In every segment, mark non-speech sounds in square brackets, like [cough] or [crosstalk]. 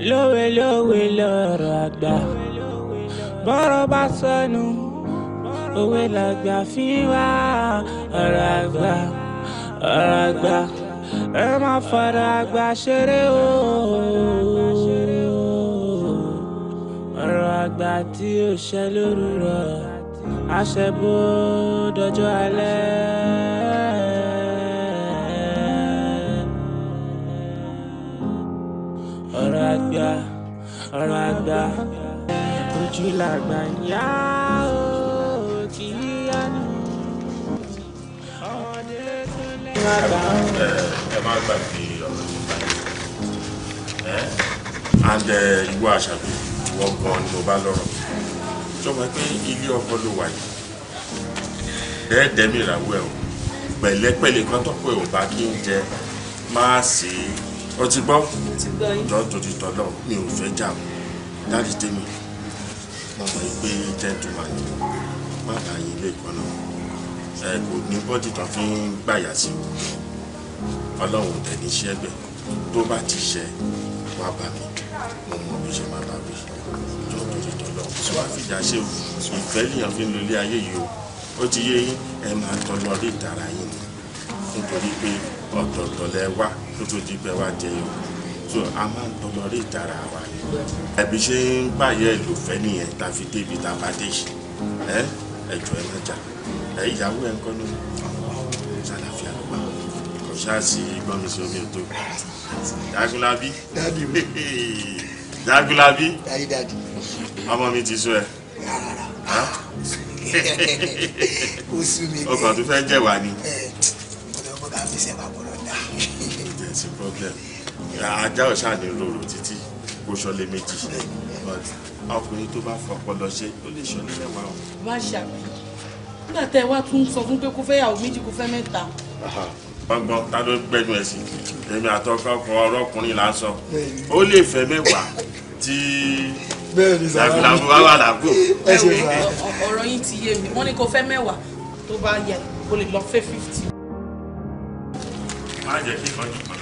lówe lówe lọ́rọ̀ àgbà bọ́rọ̀ bá sọnù òwe làgbà fi wá ọ̀rọ̀ àgbà ọ̀rọ̀ àgbà ẹ má fọ̀rọ̀ àgbà ṣeré o ọ̀rọ̀ àgbà tí ó ṣẹ lóru àṣẹ bó dọjọ́ alẹ́. àgbà ọ̀rọ̀ àgbà ojú làgbà yá o kì í yánu ọmọdé tó lẹ́yìn àgbà. ẹ má gbàgbé ọ̀rọ̀ nípa ẹ̀ and eh, ìwọ àṣàbí ìwọ gan ni mo bá lọ́rọ̀ sọmọ pé ilé ọkọ ló wà yìí dẹ́ẹ̀dẹ́mìràwọ̀ ẹ̀ o pẹ̀lẹ́pẹ̀lẹ́ kan tó pé ò bá kí n jẹ máa sí i o ti gbọ́ jọ torí tọ́lọ́ mi ò fẹ́ jà o dáàdì tèmi mo mọ̀ pé gentleman má bàa yín ilé kan náà ẹ kò ní bọ́dì tán fi ń gbàyà sí o ọlọ́run tẹ̀ ní iṣẹ́ gbẹ̀ tó bá ti ṣe wá bá mi mo mọ̀ bí ṣe máa dàbí jọ torí tọ́lọ́ tí wàá fìjà ṣe ìfẹ́ lèèyàn fi ń lo ilé ayé yìí o ó ti yé ẹ máa tọ́lọ́ rí ìdára yín nítorí pé ọ̀tọ̀ọ̀tọ̀ lẹ wá tó tó di pé wá jẹyọ so a máa ń tọmọrí ìtara wa ni ẹbí ṣe ń báyẹ ìlòfẹ́ nìyẹn tá a fi débi tá a bá dé yìí ẹ ẹjọ ẹ má jà ẹ ìyàwó ẹ ń kọ́ ní sàlàfíà ló bá kò ṣáà sí gbọ́n mi sí omi ò tó jagunlabi [laughs] ọmọ mi ti sọ ẹ o [laughs] kàn tó fẹ́ jẹ̀wá ni. ọmọ bá fi ṣe papọ̀ problem ajá ọ̀sá ni olóró títí kó ṣọlé méjì but ọkùnrin tó bá fọpọlọ ṣe ó lè ṣọlé lẹ́wà o. wá ṣàbí nígbà tẹ wá tún sọ fún pé kó fẹ́ yàwó méjì kó fẹ́ mẹ́ta. gbọ́ngbọ́n ta ló gbẹ́nu ẹ̀ sí èmi àtọkọ́ kan ọlọ́kùnrin là ń sọ ó lè fẹ́ mẹ́wàá tí làbùlàbù bá wà lágbo. ọ̀rọ̀ yín ti yé mi wọ́n ní kó fẹ́ mẹ́wàá tó bá yẹ kó lè lọ fẹ́ fífítì. má jẹ́ kí kan jù kan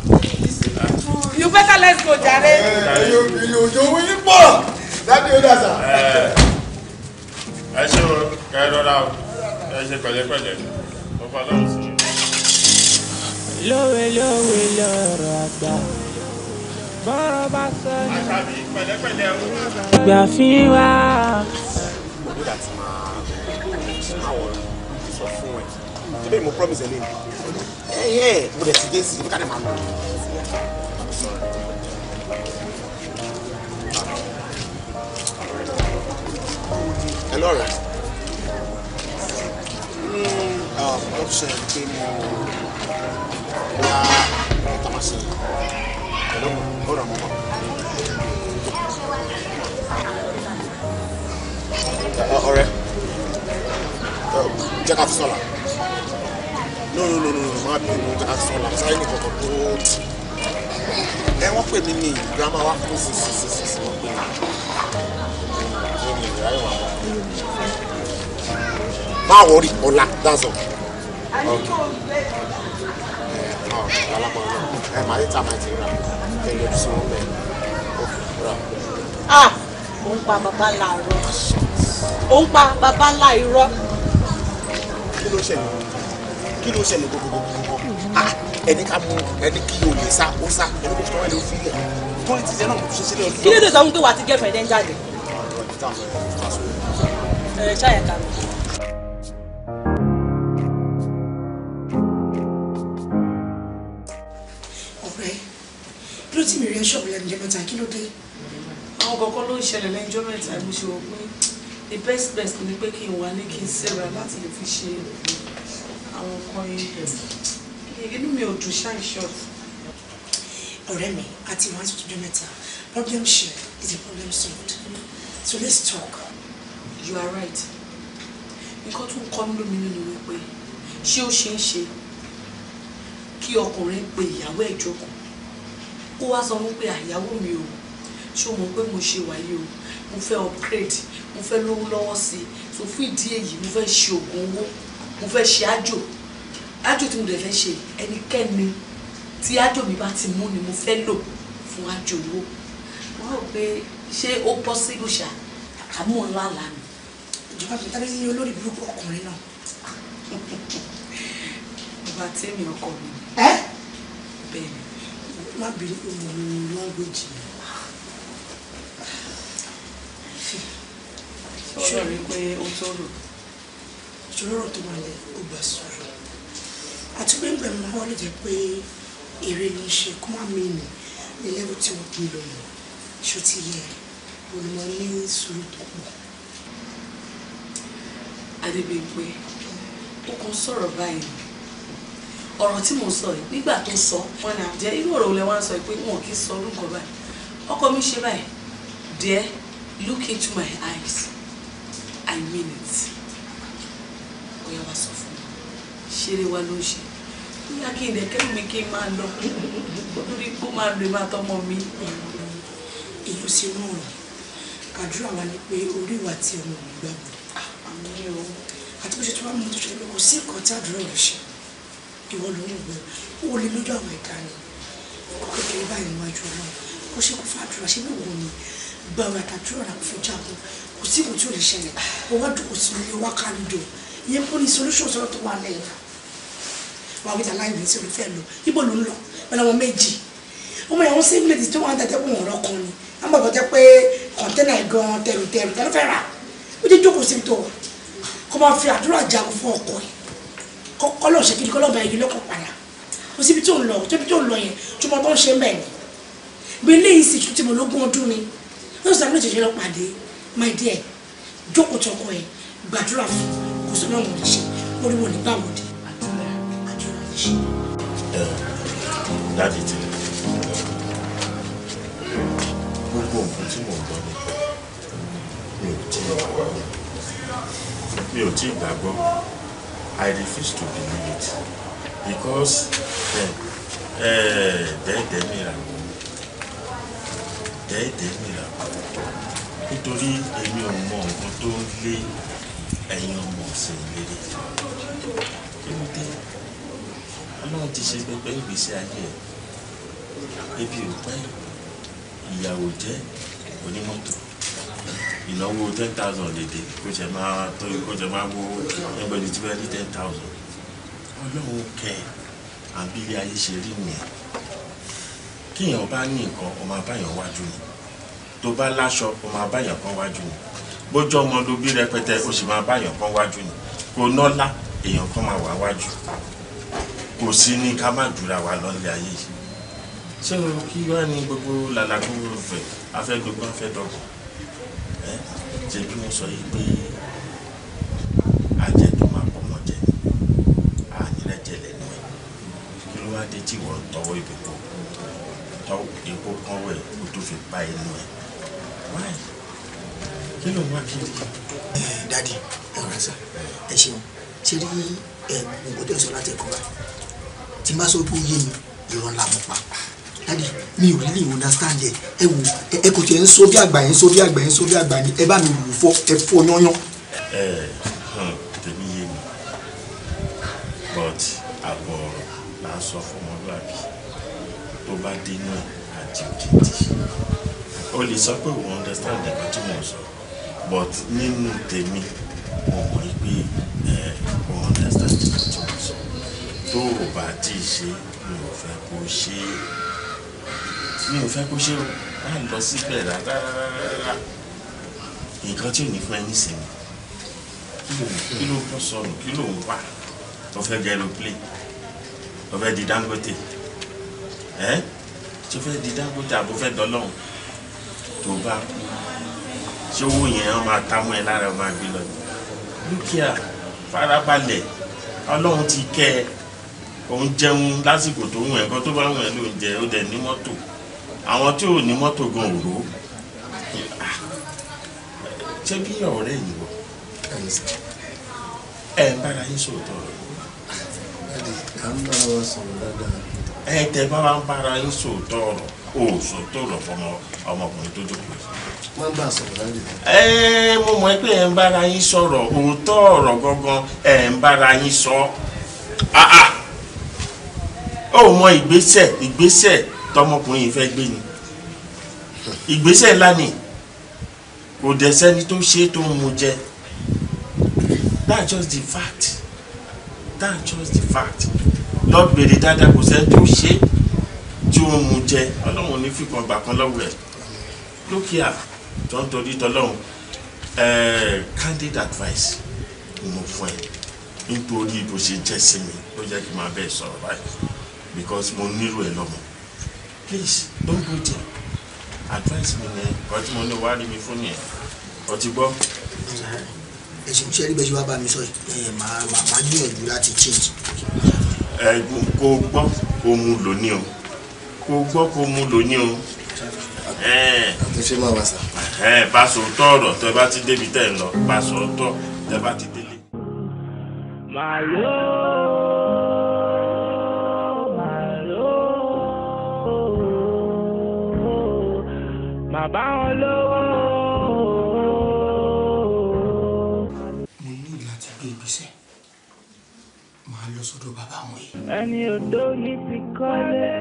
you better let's go jare. èyí òjò owó yín pọ̀ láti ọjà sà. ẹ ṣe o kẹ ẹ rọra o ẹ ṣe pẹ̀lẹ́pẹ̀lẹ́ ó fọ Ọlọ́run sí i. lówe lówe lọ́rọ̀ àgbà bọ́rọ̀ bá sọ ní. àṣàbí pẹ̀lẹ́pẹ̀lẹ́ o. ìgbà fi wá. nígbà tí màá wọ̀ sọ fún ẹ ṣé mo promise ẹ lé mi ẹ mo dẹ̀ ti dé sí i ká lọ. ẹ lọ́rẹ̀ ní ọ̀sẹ̀ pé mo wá tamasi pẹ̀lú no no no no má bínú aṣọ làṣáì ní kọ̀kọ̀ tó ẹ wọ́n pè mí ní girama wa kú sí sí sí sí sí wọ́n pè mí ṣé mi ìyá ìwà wa. má wọrí ọ̀la dáṣọ. ẹ máa yẹ tàmá ti rà ẹ lè sún ọmọ ẹ ó rà. ah òun pa bàbá làárọ̀ òun pa bàbá láìrọ́. kí ló ṣẹlẹ̀? kí ló ṣẹlẹ̀ gbogbogbò ah, ẹni ká mú ẹni kí o lè sá o sá ẹni kò tọ́wọ́ ẹni o fi lẹ̀ tó lè ti sẹ́ náà mo ṣe sílẹ̀ ọdún. kí ló dé sọ fún pé wàá ti gẹ́fẹ̀ẹ́ dẹ́ ń jáde. ẹ ṣáyẹ ká mi. ọ̀rẹ́ kí ló ti mi rí ẹ ṣọ́ọ̀bù lẹ́nu jẹ́ mẹ́ta kí ló dé. àwọn kọ̀ọ̀kan ló ń ṣẹlẹ̀ lẹ́jọ́ mẹ́ta mo ṣe the best best ni pé kí n wà ní kí n ṣẹ̀ra láti lè fi ṣe àwọn nǹkan inú mi ò dùn ṣáì short. ọ̀rẹ́ mi àti ìwà tuntun jẹ́ mẹ́ta problem shared is a problem solved so let's talk. you are right nǹkan tó ń kọ́ mi lóminú ni wípé ṣé ó ṣeé ṣe kí ọkùnrin pe ìyàwó ẹ̀ jókòó kó wá sọ wípé àyàwó mi o ṣé o mọ̀ pé mo ṣe wáyé o mo fẹ́ upgrade mo fẹ́ lówó lọ́wọ́ sí i so fún ìdí èyí mo fẹ́ ṣe oògùn owó mo fẹ́ ṣe àjò àjò tí mo dẹ̀ fẹ́ ṣe ẹnikẹ́ni tí àjò mi bá ti mú ni mo fẹ́ lò fún àjò wo wọ́n rò pé ṣé ó bọ́ sí ìlúṣà àmú ńlá là ní. ìjọba mi tábí ní olórí burúkú ọkùnrin náà. bàbá tèmi ọkọ mi. ẹ bẹ́ẹ̀ ni. má bínú pé mo lo lọ́ngọ́jì mi. ṣé o rí i pé ó tó rò ìṣòro tó máa lẹ ó gbà àti pé ńgbà mọ́ ọ́ jẹ́ pé èrè ló ṣe kó má mìíràn ní lẹ́wọ́ tí wọ́n kì lò mọ́ ṣó ti yẹ olùmọ̀ ní sùúrù tó pọ̀. Adébíyìí ó kàn sọ̀rọ̀ báyìí ọ̀rọ̀ tí mò sọ yìí nígbà tó sọ wọn ni àjẹ irú ọ̀rọ̀ olè wa sọ pé wọn kì í sọ orúkọ báyìí ọkọ mi ṣe báyìí dear look into my eyes I mean it bóyá wàá sọ fún mi ṣeré wa ló ń ṣe bóyá kí n dẹ̀kẹ́ mi kí n máa lọ lórí kó máa lo ìmọ̀ àtọmọ mi. èyí ò sí inú ọ̀rọ̀ àdúrà wa ni pé orí ìwà tí ọmọ mi gbàgbọ́ àti bó ṣe tó wá mú tó ṣe pé kò sí nǹkan tí àdúrà rẹ̀ ṣe ìwọ ló ń gbẹ ó lè lójú àwọn ẹ̀dá ni kó kékeré báyìí níwájú ọlọ́run kó ṣe kó fàdúrà ṣe ní òun ni gbàgbọ́ àtàdúrà rà kó fi jáde kò sí nǹkan tí ò lè ṣẹlẹ̀ ó kò sí ilé wákàlódò ìyẹn kò ní solution sọ̀rọ̀ tó wà lẹ́yìn wà wíjà láì ní sórí fẹ́ lọ ibo ló ń lọ pẹ̀lú àwọn méjì ọmọ ìyàwó singlet tó wọn tẹ̀tẹ̀ wọn ọ̀rọ̀ kan ni a máa bọ̀ jẹ́ pé kọ̀ńtẹ́nà gan tẹ̀rù tẹ̀rù tẹ̀rù fẹ́ rà ó jẹ́ jókòó síbi tó wà kó máa fi àdúrà jagun fún ọkọ ẹ̀ kọ́ lọ́ọ̀ ṣe kiri kọ́ lọ́ọ̀ bá igi lọ́kọ̀ padà kò síbi tó ń lọ tóbi tó ń lọ yẹn tó mọ tó ń ṣe mẹ́ẹ̀ ni bí ilé yìí sì tún ti mọ̀ lógún ọdún ni lọ́sàn-án ló ṣẹ̀ṣẹ̀ lọ pàdé my dear jókòó tọkọ ẹ̀ gbàdúrà fún un ìwòsàn náà wọ́n lè ṣe orí wọn ní bámọ̀dé àdúrà àdúrà lè ṣe. dáàdì tí gbogbo nǹkan tí mò ń gbọ́ ni mi ò tí mi ò tí gbàgbọ́ I refuse to believe it because eh, eh, dẹ́ẹ̀dẹ́ mìíràn dẹ́ẹ̀dẹ́ mìíràn nítorí èmi ò mọ nǹkan tó ń lé ẹ̀yin ọmọ ọ̀sẹ̀ ìlérí ìlú tẹ̀lé ọlọ́run ti ṣe gbogbo ìgbésí ayé ẹ̀ ebi ò pẹ́ ìyàwó jẹ́ onímọ́tò ìnáwó ten thousand dédé kó jẹ máa tó kó jẹ máa wo ẹgbẹ̀rún tí wọ́n ní ten thousand ọlọ́run kẹ àbílẹ̀ ayé ṣe rí nìyẹn kíyàn bá ní nǹkan ọmọ abáyàn wájú ni tó bá láṣọ ọmọ abáyàn kan wájú ni bójú ọmọ ló bí rẹpẹtẹ ó sì máa bá èèyàn kan wájú ni kò nọ́lá èèyàn kan máa wá wájú kò sí ní ká má dúra wa lọ́lẹ̀ ayé yìí ṣé o kí wá ní gbogbo làlàkó fẹ̀ afẹ́gbogbo afẹ́dọ̀gbọ̀n ẹ ṣe bí mo sọ yìí pé ajẹ́ tó máa pọ̀ mọ́ jẹ ànírẹ́jẹ lẹ́nu ẹ̀ kí ló wá dé tí wọ́n tọwọ́ ìbò tọ́ epo kan wẹ̀ kó tó fi pa ẹnu ẹ̀ wáyé kí ló ń wá kiri. ẹ dadi ẹ ràn sá ẹ ṣeun ṣe rí ẹ nǹkan tó ń sọ láti ẹ̀kọ́ bá tí n sọ pé ó yé mi ìrọ̀ ńlá mo pa dadi mi ò really understand ẹ ẹ wò ẹ kò tiẹ̀ ń sọ bí àgbà yẹn ń sọ bí àgbà yẹn ń sọ bí àgbà yẹn ẹ bá mi wò fọ ẹ fọ yányán. ẹ tèmi yé mi but àbọ̀ ọ̀rọ̀ là ń sọ fún ọmọlúwàbí tó bá dé náà àti òkìtì ó lè sọ pé òun understand ẹ̀ka tí mò sọ but nínú tèmi mo mọ̀ pé ẹ o understand the situation tó o bá ti ṣe mi ò fẹ́ kó ṣe mi ò fẹ́ kó ṣe o má lọ síbẹ̀ rárá nǹkan tí ò ní fún ẹ nísìnyí kí ló kún sọnù kí ló ń wà tó fẹ́ jẹ́ ló plé fẹ́ di Dangote ẹ́ tó fẹ́ di Dangote àbó fẹ́ dọ́lọ́hún tó bá kú ṣé owó yẹn wọn máa tá mọ́ ẹ lára wọn máa gbé lọ ni dúkìá farabalẹ̀ ọlọ́run ti kẹ́ ẹ òun jẹun lásìkò tó wù ẹ́ kó tó bá wù ẹ́ ló ń jẹ ó dẹ̀ ní mọ́tò àwọn tí ò ní mọ́tò gan òró ah. ṣé bí ọ̀rẹ́ yìí wọ̀ ẹ ń bára yín sòótọ́ ẹ tẹ bá wa ń bára yín sòótọ́ ọ̀rọ̀ o sòótọ́ ọ̀rọ̀ fọmọ ọmọkùnrin tó dòkú yìí mo mọ̀ pé ẹ ń bára yín sọ̀rọ̀ òótọ́ ọ̀rọ̀ gangan ẹ ń bára yín sọ ah, ah. ó mọ ìgbésẹ̀ ìgbésẹ̀ tọmọkùnrin yìí fẹ́ gbé ni ìgbésẹ̀ ńlá kò dẹ̀ sẹ́ni tó ṣe tó ń jẹ that's just the fact that's just the fact lọ bèrè dáadáa kò sẹ́ni tó ṣe tí ó ń mu jẹ ọlọ́run ò ní fìkan gbà kan lọ́wọ́ ẹ̀ lókè àná jọ ń torí tọlọ́run eh, candid advice ni mo fún ẹ nítorí bó ṣe jẹ́ sí mi ló jẹ́ kí n máa bẹ́ẹ̀ sọ̀rọ̀ báyìí because mo nílò ẹ lọ́mọ please don't go there advice mi ni ọtí mo ní wàá rí mi fún nìyẹn ọtí gbọ́ ẹsìn tí ẹrí bẹ́sẹ̀ wá bá mi sọ ẹ máa máa gbìyànjú láti change. ẹ eh, kò gbọ́ kó mu lò ní o kò gbọ́ kó mu lò ní o àtúnṣe máa wà sá. báṣọ tọ ọ̀rọ̀ tẹ bá ti débi tẹ ń lọ báṣọ tọ tẹ bá ti délé. màlúù. mo ní láti gbé ibi sẹ́ lọ sọ́dọ̀ bàbá wọn yìí. ẹni odò ní ti kọ́lé.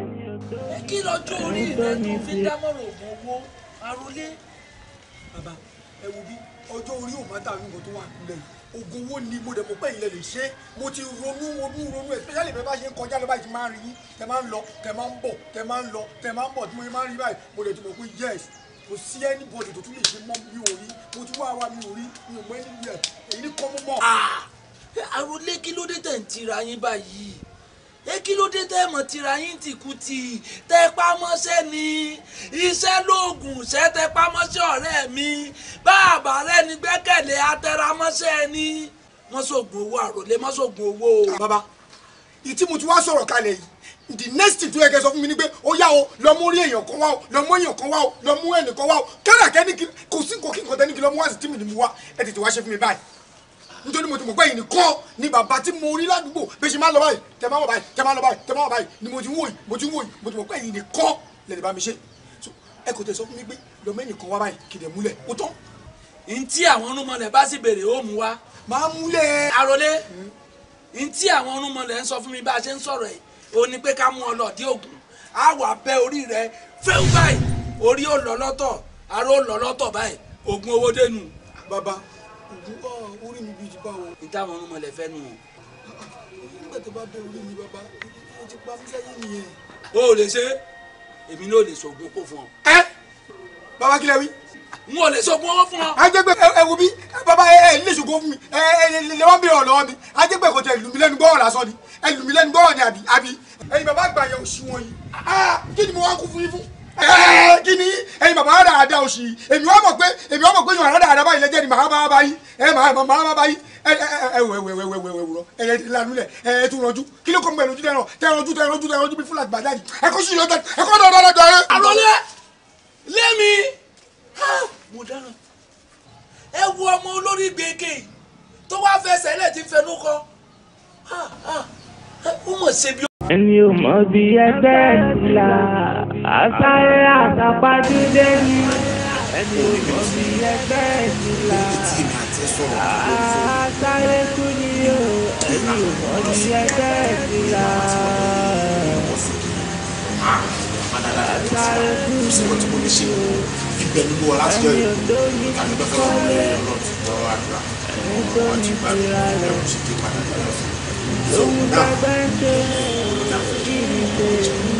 kí lọ́jọ́ orí rẹ̀ tó fi dámọ̀ràn àròlé bàbá ẹ wo bí ọjọ́ orí ò máa dàrú nǹkan tó wà nílẹ̀ ogun owó ni mo dẹ̀ mọ̀ pé ilẹ̀ lè ṣe mo ti ronú ronú ronú especially bẹ́ẹ̀ bá ṣe ń kọjá lọ́ba yìí ti máa ń rí tẹ máa ń lọ tẹ máa ń bọ̀ tẹ máa ń lọ tẹ máa ń bọ̀ tí mo máa ń rí báyìí mo dẹ̀ ti mọ̀ pé yes kò sí ẹni bọ́ọ̀dù tó tún lè ṣe mọ́ mi ò rí mo ti wá wa mi ò rí mi ò mọ ẹni yẹ èyí ni kọ́ mọ́. àròlé ah! kí ló dé tẹ̀ ń tira yín báyìí ẹ kí ló tira yín ti kú ti tẹ́ pamọ́ṣẹ́ ni iṣẹ́ lóògùn ṣẹ́ tẹ́ pamọ́ṣẹ́ ọ̀rẹ́ mi bàbá rẹ̀ ni gbẹ́kẹ̀lé atẹ́ramọ́ṣẹ́ ni mọ́ṣọ́gun owó àròlé mọ́ṣọ́gun owó. bàbá ìtí mo ti wá sọ̀rọ̀ kalẹ̀ yìí the next thing tó yẹ kẹ́ sọ fún mi ni pé ó yá o lọ mú orí èèyàn kan wá o lọ mú èèyàn kan wá o lọ mú ẹnì kan wá o kẹ́rẹ̀kẹ́ ní kò sí nǹkan kí nǹkan tẹ́ ní kí lọ wá sí tí mi ní mu wá ẹ tètè wá ṣe fún mi báyìí nítorí mo ti mọ̀ pé yìí nìkan ni bàbá tí mo rí ládùúgbò bí ṣe máa lọ báyìí tẹ máa wọ báyìí tẹ máa lọ báyìí tẹ máa wọ báyìí ni mo ti ń wò yìí mo ti ń wò yìí mo ti mọ̀ pé yìí nìkan lẹ́nu bá mi ṣe ẹ kò tẹ sọ fún mi pé lọ́mọ ẹnìkan wá báyìí kì múlẹ̀ ó tán. ntí àwọn onúmọlẹ̀ bá sì béèrè ó mú wa. máa múlẹ̀. àròlé hmm. ntí àwọn onúmọlẹ̀ ń sọ fún mi bá a ṣe ń sọ̀rọ̀ ẹ̀ ó ní pé ká mú ọ lọ dé ògùn á wà bẹ́ orí rẹ fẹ́ẹ́ báyìí orí ó lọ lọ́tọ̀ aró lọ lọ́tọ̀ báyìí ògùn owó dénú. bàbá ìdúbà orí mi bíi ìdúbà wọn. ìdáhùn ọ̀run mọ̀lẹ́ fẹ́ nù. nígbà tó bá dé orí mi bàbá o ti pa mí sẹ́yìn nìyẹn. o ò lè ṣe èmi náà ò lè sọ̀gbọ́n kó fún ọ. ẹ bàbá kílẹ̀ wí. n ò lè sọ̀gbọ́n owó fún ọ. ajẹgbẹ ẹ wo bí bàbá ẹ ẹ lè sọ̀gbọ́n fún mi ẹ ẹ lè wọ́n bèrè ọ̀lọ́wọ́ mi ajẹgbẹ kò tẹ lùmí lẹ́nu gbọ́rọ̀ lásán ni ẹ lùmí lẹ́nu gbọ́rọ̀ ni àbí àbí. ẹ̀yin bàbá àgbà yẹn ò sí wọn ah, kí ni mo wá kú fún yín fún ẹ eh, kí ni ẹ̀yin bàbá rà á da oṣù yìí èmi wọ́n mọ̀ pé èmi wọ́n mọ̀ pé yòòrán ni màá bá bá ẹ màá bá bá yín ẹ ẹ wẹ wẹ wẹ wẹ wúrọ ẹ yẹ lanu lẹ ẹ ẹ tún rọjú kí ló kọ́ mọ ẹlòjú tẹ̀rọ tẹ̀rọjú tẹ̀rọjú tẹ̀rọjú bí fúlàtì bàjá yìí ẹ kó sùn lọ́jà ẹ kó dọ̀dọ̀ dọ̀dọ̀ rẹ. àlọ́lẹ́ lẹ́mi mo dáná ẹ wo ọmọ olórí gbèké tó wá fẹsẹ̀ lẹ̀ ti fẹnu kọ ó mọ̀ ṣe bí. ẹni ò mọ̀ bí ẹgbẹ́ ńlá àṣàyẹ àtàpàdúdé ni ẹni ògbọ́n mi ẹgbẹ́ ìdílà àṣàyẹ kú ni o ẹni ògbọ́n mi ẹgbẹ́ ìdílà àṣàyẹ kú ni o ibẹ̀ nínú wa láti jẹ́ ìdánilẹ́fẹ́ ọmọ ẹ̀yọ́ lọ́tún lọ́wọ́ àdúrà ọmọ lóhun tá ṣe kí ni tèmi.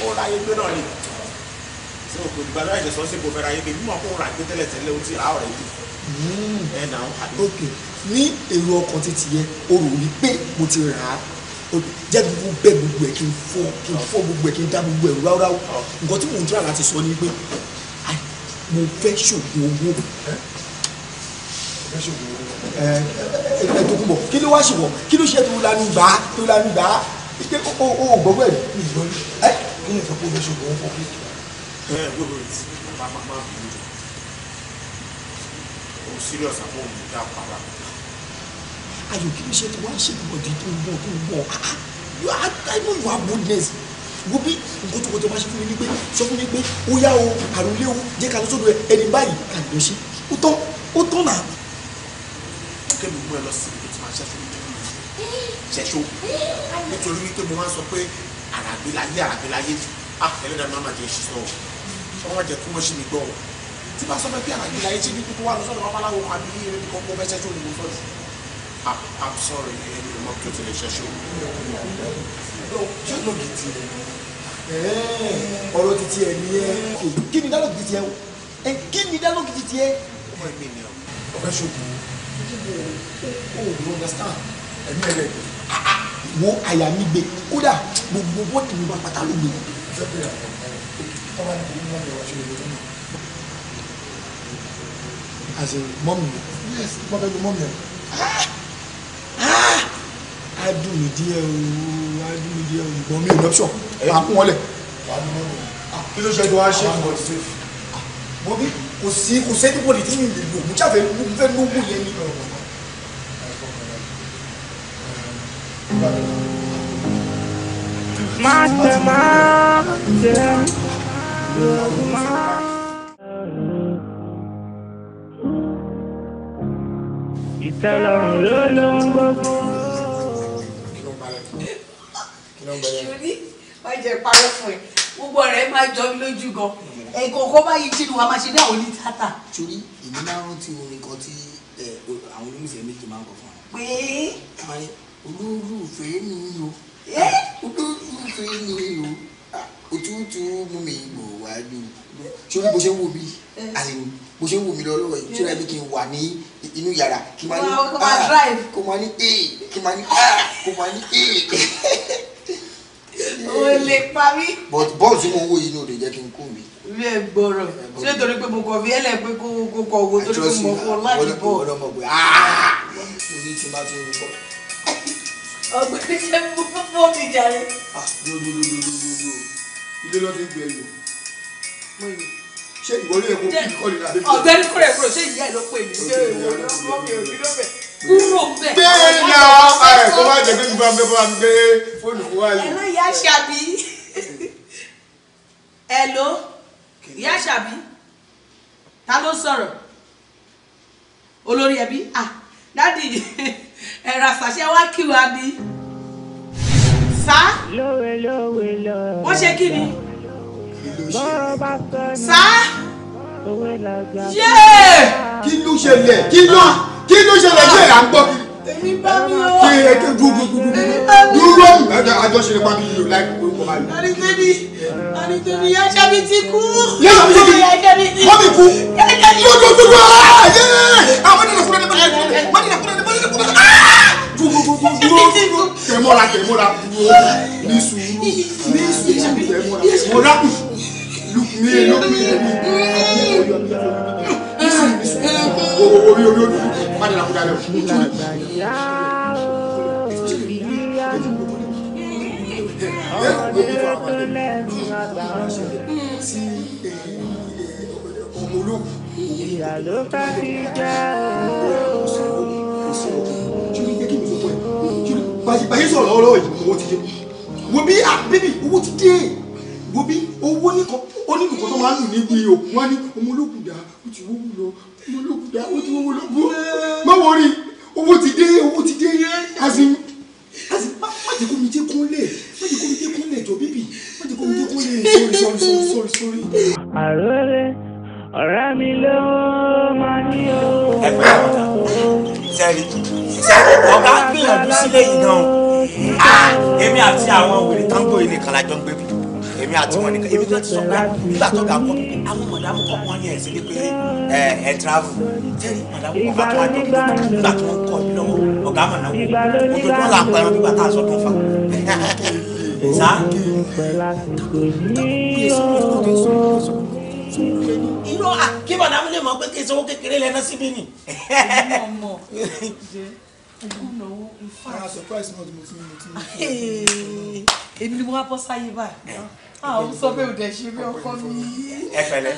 kó ra yé gbé náà ni so kò dìgbà náà ìṣẹ̀sọ́ sí kò fẹ́ ra yé gbé mímọ́ kó ra gbé tẹ́lẹ̀ tẹ́lẹ̀ ó ti rà ọ̀rẹ́ yìí ẹ̀ nà ó hàdé. ok ní èrò ọkàn ti tiẹ̀ o rò wí pé mo ti rà á jẹ́ gbogbo bẹ́ẹ̀ gbogbo ẹ̀ kí n fọ́ kí n fọ́ gbogbo ẹ̀ kí n dá gbogbo ẹ̀ ráúráú nǹkan tí mò ń tura láti sọ ni pé mo fẹ́ ṣògùn owó ẹ tó kún bọ̀ kí ló wá ṣùgbọ́n kí ló ṣe tó lanu gbà tó lanu gbà pé o ò gbọ́gbẹ́ rẹ̀ kí lè sọ pé o fẹ́ ṣògùn fún mi. o serious àpò mi dá para. ayọ̀ kí ló ṣe tí wàá ṣe ìwọ̀de tó ń bọ̀ tó ń bọ̀ ah, ah, I know you have wo bí nǹkan tó ṣe fún mi ní pé sọ fún mi pé ó yá o àrùn ilé o jẹ́ ká lọ sódò ẹ ẹni báyìí ká lè ṣe ó tán ó tán náà. kẹ́mi mú ẹ lọ sí ibi tí màá ṣe fún nítorí wípé mo máa ń sọ pé àràbíláyé àràbíláyé ah ẹlẹ́dàá máa ma jẹ ìṣiṣẹ́ o ọmọ jẹ kó mọ̀ sí mi gbọ́ o tí bá sọ́fẹ́ bí àràbíláyé ṣe ní kókó wà lọ sọ́dọ̀ babaláwo àbí eré bí kókó bẹ́sẹ̀ tó lè mú sọ́dọ̀ ah i'm sorry ẹni mo kí o ti lè ṣẹṣẹ o. kí ló kì í ti ẹ ọ̀rọ̀ ti ti ẹ ní ẹ kí ni dálógì ti ti ẹ o ẹ kí ni dálógì ti ti ẹ. ọmọ ẹ̀mí ni ọ ọ̀fẹ́ ṣòkòó o ò ní understand ẹ̀mí ẹ̀rẹ̀ wo àyà mi gbé kódà gbogbo bọ́ọ̀dì mi máa pátá ló gbé. as in mọ́mì mi. yes wọ́n fẹ́ lu mọ́mì ẹ̀. á ah! ah! dùn mí díẹ̀ o á dùn mí díẹ̀ o ìgbọ̀n mi ò lọ́pṣọ̀ ẹ̀ á kún wọlé. kí ló ṣe tó wá ṣe é fún ọ mọ́mì kò sí kò sẹ́ni bọ́ọ̀dì tí mi lè lò mo jáfẹ́ mo fẹ́ lówó yẹn ni. Thank you. Matemate Ìtẹ́lọ́rùn ló ló ń gbogbo. Ṣèlú ọjà ìparọ́ fún ẹ, gbogbo ọ̀rẹ́ máa jọ mí lójú gan. Ẹ̀kọ́ kọ́ báyìí tí wa máa ṣe ní àwọn onítàtà. Torí èmi máa ń rántí orin kan tí àwọn olólùfẹ́ méjì máa ń kọ fún wa. Pé. Olólùfẹ́ mi wútú inú inú òtútù mú mi gbò wá ju sórí bó ṣe wù mí àsìkò bó ṣe wù mí lọ lọ́wọ́ yìí sórí ẹbí kí n wà ní inú yàrá kí n máa ní a kò máa ní a kí n máa ní a kò máa ní o lè pa mí. but bọ́ọ̀lù tí mo wó yìí ní òde jẹ́ kí n kú mi. bí ẹ gbọ́rọ̀ ṣé nítorí pé mo kọ̀ fi ẹlẹ́ pé kó kọ̀ owó torí pé mo kọ̀ láti bọ̀. ọlọmọ pé aaa. orí ti máa fi ń bọ̀ ọ̀gbẹ́ni ṣe mú fúnfún mi jàre. lóòlóòlóòlóòlóò ah, ilé ló ti gbẹ lò ṣé ìwọ ló yẹ kó kí kọ́ni náà dé. ọ̀gbẹ́ni kúrò ẹ̀kúrò ṣé ìyá ẹ̀ ló pè mí ṣé ìwọ ló mọ́ mi ò rí lọ́bẹ̀ kúrò bẹ́ẹ̀. bẹ́ẹ̀ ni àwọn ẹ̀ kó má jẹ́ pé mi bá ń bẹ́ bá ń gbé fóònù fún wa lò. ẹ̀ ló yá ṣàbí ẹ̀ ló ìyá ṣàbí ta ló sọ̀rọ̀ olórí ẹbí ah dádì ẹ ra sàṣẹ wá kí wa bí. sá. lówe lówe lọ. wọ́n ṣe kí ni. bọ́ọ̀ bá sọ ni. sá. òwe làgbà. yéè. kí ló ṣẹlẹ̀ kí ló kí ló ṣẹlẹ̀ yéè à ń èmi bá mi o. kí ẹ kí dúró dúró dúró dúró ẹjọ àjọṣe nípa mi yìí láì kúrò kọ báyìí. àdìtẹ́bí àdìtẹ́bí ẹ̀jẹ̀ mi ti kú. yẹ́nà mi ti ẹ̀jẹ̀ mi ti kú. ẹ̀jẹ̀ mi ti kú. dúró dúró dúró ẹ̀jẹ̀ àwọn ah, ènìyàn kúrò nípa ẹ̀jẹ̀ gbogbo dúró dúró tẹ̀mọ́ra báyìí sọ̀rọ̀ lọ́wọ́ yìí owó ti dé wo bí ah bébì owó ti dé wo bí owó nìkan ó ní nǹkan tó máa ń nù níbi o wọ́n ní ọmọlókùn dá ó ti wọ́wọ́ lọ ọmọlókùn dá ó ti wọ́wọ́ lọ bó má wọrí owó ti dé owó ti dé asi asi má jẹ́ kó mi jẹ́ kó lè má jẹ́ kó mi jẹ́ kó lè jọ bébì má jẹ́ kó mi jẹ́ kó lè sọ̀rọ̀ sọ̀rọ̀ sọ̀rọ̀ sọ̀rọ̀ ọ̀rẹ́ mi ló máa ní o. ẹgbẹ́ ọ̀tá sẹ́rí sẹ́rí ọ̀gá gbìyànjú sílé yìí náà ah, èmi àti àwọn òwèrè tango yìí nìkan la jọ ń gbé èmi àti wọn nìkan èmi tó ti sọ pé nígbà tó ga kọ́ àwọn mọ̀dámù kọ̀ wọ́n ní ẹ̀sìn ní pé ẹ ẹ travel sẹ́rí mọ̀dámù kọ̀ bá tó wá nígbà tó ń kọ́ mi lọ́wọ́ ọ̀gá mọ̀ náà ojoojúmọ́ la pẹ̀lú nígbà tá a sọ tó fa ẹ̀sán. [laughs] irọ́ à kí bàdá mi lè mọ̀ pé kí ìṣòwò kékeré lẹ́nà síbí ni. èmi ni mo wá bọ́ sáyé báyìí àwọn ah, sọ pé òde ṣe bí ọkọ mi. ẹ pẹ̀lẹ́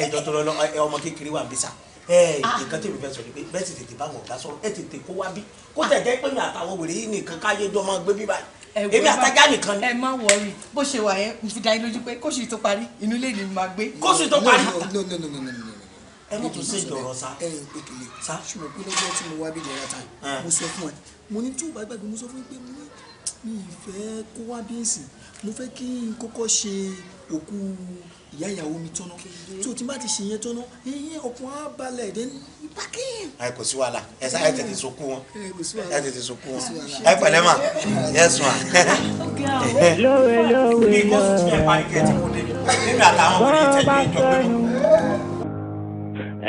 ẹ jọ tó lọ ọmọ kékeré wà bísà nǹkan tí mi fẹ́ sọ ni pé bẹ́ẹ̀ sì tètè bá wọn ọ̀gá sọ̀rọ̀ ẹ tètè kó wá bí kó tẹ̀ jẹ́ pé mi àtàwọn wèrè yìí nìkan káyé jọ máa gbé bí báyìí èmi àtajà nìkan ni. ẹ má wọrí bó ṣe wà yẹn mo fi dá yín lójú pé kóṣù tó parí inú ilé ni mo gbé. kóṣù tó parí. no no no no no no ẹ mọ̀ tó ṣe ìdọ̀rọ̀ sa. ẹ ẹ Ekele sa ṣùgbọ́n pé lọ́jọ́ tí mo wá bí ìdọ̀rọ̀ ta mo sọ fún ẹ mo ní tí o mo sọ fún yín pé mo ní mi kó wá bí èsì mo fẹ́ kí n kọ́kọ́ ṣe òkú ìyá ìyàwó mi tọ́nà tí o ti bá ti ṣe yẹn tọ́nà ẹyẹ ọkùnrin á balẹ̀ ẹ̀dẹ́ bákì. ayi kò sí wàhálà ẹ sá ẹ tètè sunkún wọn ẹ tètè sunkún wọn ẹ pẹ̀lẹ́ mà ẹ sùn à. lówe lówe lówe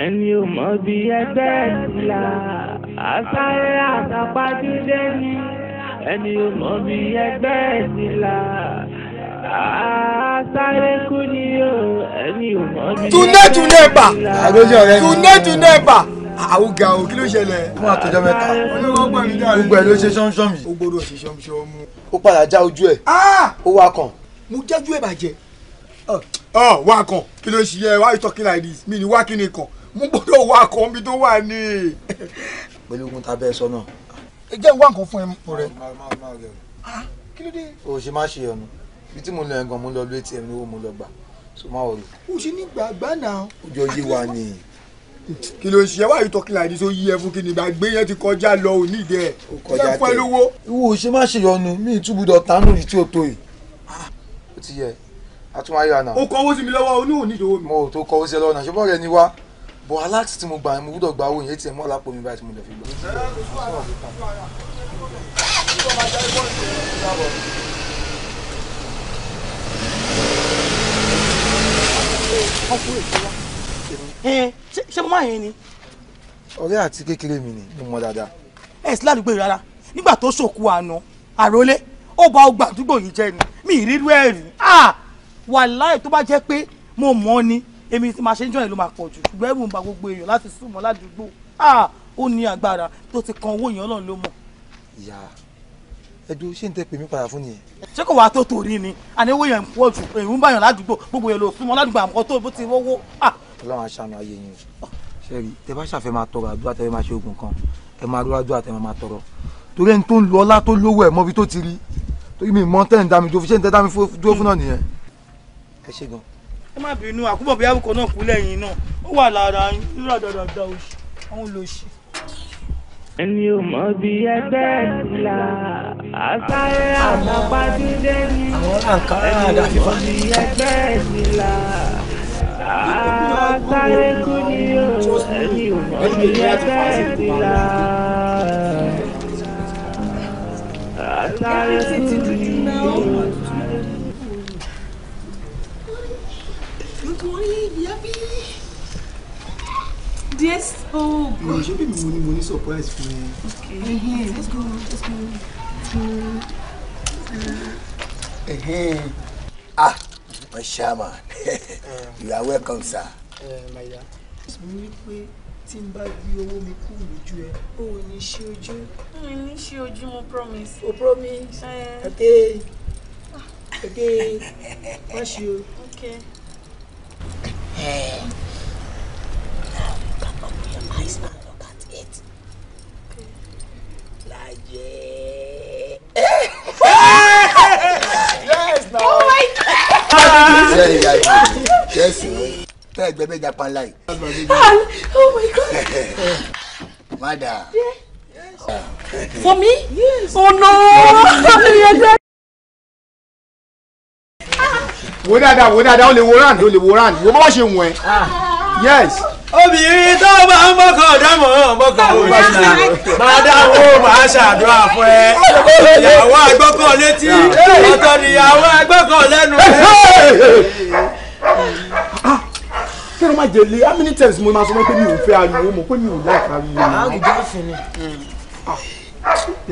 ẹni ò mọ bí ẹgbẹ́ ìlà àsáré àtàpàdúdé ni ẹni ò mọ bí ẹgbẹ́ ìlà tunde tunde ba tunde tunde ba àwọn ga o kí ló ṣẹlẹ̀. fún àtọjọ́ mẹ́ta gbogbo ẹ ló ṣe ṣọmṣọm yìí. ó gbọ́dọ̀ ṣe ṣọmṣọm. ó padà já ojú ẹ. ó wá kàn. mo jẹ́jú ẹ̀ bàjẹ́. ọ wá kàn kí ló ṣe yẹ why you talking like this mi ni wá kí ni kàn mo gbọ́dọ̀ wá kàn bí tó wà ní. pẹ̀lú ogun tá a bẹ́ẹ̀ sọ náà. ẹ jẹ́ n wá nǹkan fún ẹ mọ̀ rẹ. kí ló dé. o ṣe má ṣe ọ̀nà bí tí mo lọ yẹn gan mo lọ lu atm lówó mo lọ gbà so má wọlé. o ṣe ní gbàgbá náà. ojú ọyẹ wa ni. kí ló ń ṣe wáyé tọkí láì ní so yí ẹ fún kí ni gbàgbé yẹn ti kọjá lọ òní ìdẹ o kọjá tẹ o ṣe má ṣe yọnu mí ìtúbùdọ̀ tánú yìí tí o tó yìí. o ti yẹ àtúmáyé àná. o kọ́wọ́ sí mi lọ́wọ́ oníhùn nídòwó mi. mo tó kọ́wọ́ sí ẹ lọ́wọ́ náà ṣé bọ́ọ̀rẹ́ ni wá bọ̀ aláàtì tí mo gbà yẹn mo gbúdọ̀ gba owó yẹn tí ẹ mọ́ lápò mi báyìí tí mo lè fi gbọ́. wọ́n kúrò èso wá. ṣé mo máa yẹn ni. ọ̀rẹ́ àti kékeré mi ni mo mọ dáadáa. ẹ sì ládùúgbò rárá nígbà tó ṣòkú àná àròlé ó bá ọgbà àdúgbò yìí jẹ ni mi ì rírú ẹ rí wàláì tó bá jẹ́ pé mo mọ̀ ni èmi ti máa ṣe ń jọyìn ló máa pọ̀ jù ṣùgbọ́n ẹ̀rù ń ba gbogbo èèyàn láti súnmọ́ ládùúgbò ó ní agbára tó ti kan owó yẹn ọlọ́run ló mọ̀. ìyá ẹjọ ṣé n tẹ pè mí padà fún nìyẹn. ṣé kò wá tó torí ni àníwó yẹn pọ̀ jù èyí ń báyàn ládùúgbò gbogbo yẹn ló fún wọn ládùúgbò àmọ́ tó bó ti wọ́wọ́. ọlọ́run aṣáánu ayé yín o ṣẹ́ẹ̀rì tẹ bá ṣàfẹ́ máa tọrọ àdúrà tẹ máa ṣe oògùn kan ẹ máa rú àdúrà tẹ máa tọrọ torí ẹni tó ń lọ ọlá tó lówó ẹ mọbi tó ti rí torí mi mọ tẹ́ ń dá mi dúró ṣé ń tẹ́ dá mi dúró fún náà nìyẹn. ẹ ṣe gan. ẹ má bínú àkúbọ̀ bí arúgbó náà kú lẹ́yìn náà ó wà lára yín rádàràdà òṣì àwọn olóṣì ẹni ò mọ bí ẹgbẹ́ ìlà àtàrẹ àmọ́pàdúdé ni ẹni ò mọ bí ẹgbẹ́ ìlà àtàrẹ kú ni ó ẹni ò mọ bí ẹgbẹ́ ìlà àtàrẹ kú ni ó. this book. No, ṣé bí mo ní mo surprise for me. Okay, let's go, let's go. Uh, ah, my shaman, [laughs] you are welcome, sir. Eh, my dear, mo ní pé tí n bá gbé owó mi kú lójú ẹ o ò ní ṣe ojú. mi ní ṣe ojú mo promise. o promise. Eh. okay okay wá [laughs] ṣe o. okay. Eh. Please man, look at it. Láyé. Yes na. Oh my God. Ṣé ìyá Yes. baby, Japan láì. Oh my God. Madam. Yeah. Yes. For me? Yes. Oh no! Wo dáadáa wo dáadáa o lè wo round o lè wo round wo bá wá ṣe wọ̀n ẹ́. Ah. Yes obìnrin tó bá ń mọ́kàn ọ̀dọ́mọ̀ mọ́kàn òyìnbó máa dáwọ́ máa ṣàdúrà fún ẹ ìyàwó àgbọ́kàn létí ọ̀tọ̀ nìyàwó àgbọ́kàn lẹ́nu kí ló máa jèlé how many times mo máa sọ pé mi ò fẹ́ ariwo mo pé mi ò láì ariwo mo. àwùjọ fìnnì.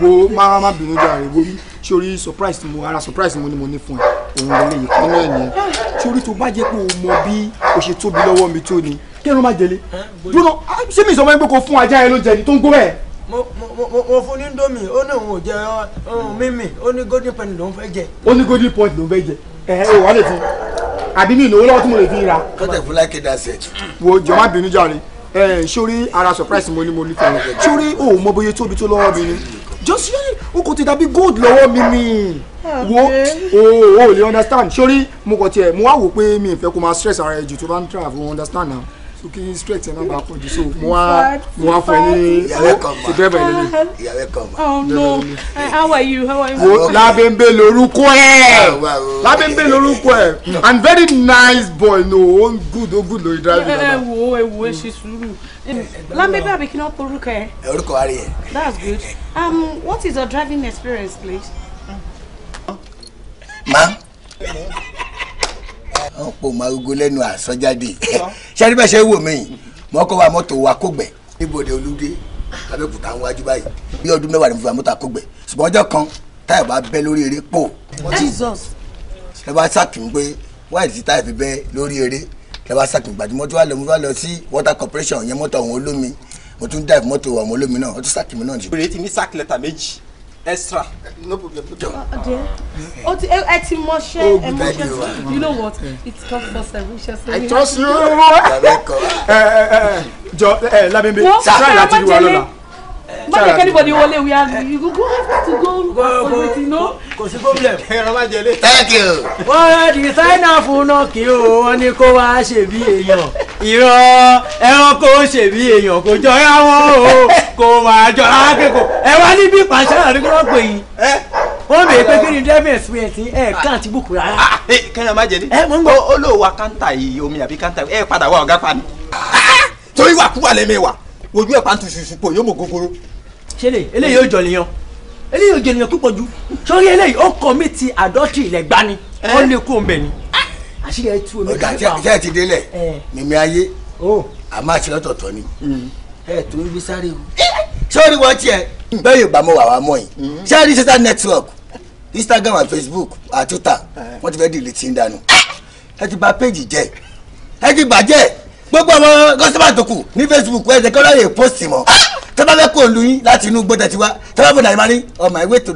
wo máa má bínú jàre wo sórí surprise mo ara surprise mo ni mo ní fún ẹ òun lè yìí kí náà nìyẹn sórí tó bá jẹ́ pé o mọ bí o ṣe tóbi lọ́wọ́ mi tó ni kí ẹran máa jẹlé dúró ṣé mi ìsọmọ ẹgbẹ́ kò fún ajá ẹ ló jẹ ni tó ń gbó bẹ́ẹ̀. mo mo fún ní domi ó ní òun ò jẹ ohun mímì ó ní golden point lòún fẹ́ jẹ. ó ní golden point lòún fẹ́ jẹ ẹ ẹ wà lè fún àbí mi ìnáwó lọ́wọ́ tí mo lè fi ra. kọ́tẹ̀ fúnlá kéde àṣẹ. wo jọ má bínú jàre ẹ sórí ara surprise mo ní mo nífẹ̀ẹ́ rẹ sórí o mọ bóyá tóbi tó lọ́wọ́ mi ni jọ́sí o kò ti dàbí gold lọ́wọ́ mi ni wo o ò lè understand sórí mo kàn tiẹ̀ mo wá wò pé mi ìfẹ́ kó máa stress ara ẹ̀ jù tó bá ń travel understand now so kí strength ẹ̀ náà bá pọ̀ jù so mo wá mo wá fún ẹ ti dẹ́bẹ̀ lélẹ̀. oh no eh, how are you how are you. wo labembe lorúkọ ah, lorúkọ ẹ and very nice boy no o good o good lórí driving. ẹ eh, eh, wo ẹ wo ẹ ṣe sùúrù labembe àbí kí ni wọn pe orúkọ ẹ. orúkọ wa rí ẹ. that's good um, what is your driving experience please. ma wọn pò máa gbogbo lẹ́nu àsọjáde ṣẹ́ni bẹ́ẹ̀ ṣe wò mí mọ́kọ́ wa mọ́tò wa kó gbẹ̀ níbodè olúdé abẹ́kúta ń wájú báyìí bí ọdún mẹ́wàá ni mo fi wa mọ́tò àkógbẹ̀ ṣùgbọ́n ọjọ́ kan táyà bá bẹ́ lórí eré pò ẹ bá sàkín pé wáyé tí táyà fi bẹ́ lórí eré ẹ bá sàkín gbàdúmọ́ tí wàá lọ mo fẹ́ lọ sí water corporation yẹn mọ́tò àwọn olómi mo tún dáìfù mọ́tò àwọn olómi náà ó tún sàkín mi náà jù extra. no problem no problem. o oh, oh, eh, eh, ti oh, ẹ ti mọṣẹ ẹ mọṣẹ sí you know what it comes for service. i trust you. [laughs] Eh, jọ ẹ labembe try láti rí wa lọ́la má jẹ́ kẹ́nìbọ̀dì wọlé we are you go have to go for wetin no. kò sí problem. [laughs] ẹ̀rọ má jẹ lé. thank you. wọ́n dìsáínà fún náà kí o wọ́n ní kó wá ṣèbí èèyàn ìrọ̀ ẹranko ṣèbí èèyàn kò jọra wọn o kò máa jọra kéko ẹ wá níbí pàṣẹ àríkúrọ̀ pè yín wọ́n bèèrè pé kí ni driving experience ẹ ah. kàn ti bùkù rárá. Ah, eh, kẹ́hìn má jẹ ní. ẹ mọ̀ ń gbọ́ ó lò káńtà yìí omi àbí káńtà ẹ padà wá ọ̀gá pa ni. [laughs] torí wàkúwà lẹ́mẹ̀wà ojú ẹ̀ pàǹtù ṣùṣùpọ̀ yóò mọ̀ gogoro. ṣe lè eléyìí yóò jọ nìyàn eléyìí yóò jọ nìyàn púpọ̀ ju sórí eléyìí ó kọ́ mi ti àdọ́tì ilẹ̀ gbani ó lè kó mbẹ̀ ni. àṣírí ẹ tú omi kan fún wa. ọjà tí ẹ ti délẹ̀ mímí ayé àmọ́ àti ọ̀tọ̀ọ̀tọ̀ ni hmm. ẹ tó ń bí sáré o. sórí wọ́n tiẹ̀ bẹ́ẹ̀ yóò bá mọ́ wàá mọ́ yìí hmm. ṣé social network Instagram and Facebook àti Twitter wọ́n ti fẹ́ dìlì tí ń dànù ẹ ti bà page. jẹ́ ẹ ti bàjẹ́ gbogbo àwọn kọ́sítọ́mà tó kù ní facebook ẹ̀ kí wọ́n lè post mọ́ ah! tó bá lu yín láti inú gbọ́dọ̀ tiwa tó bá ní on my way to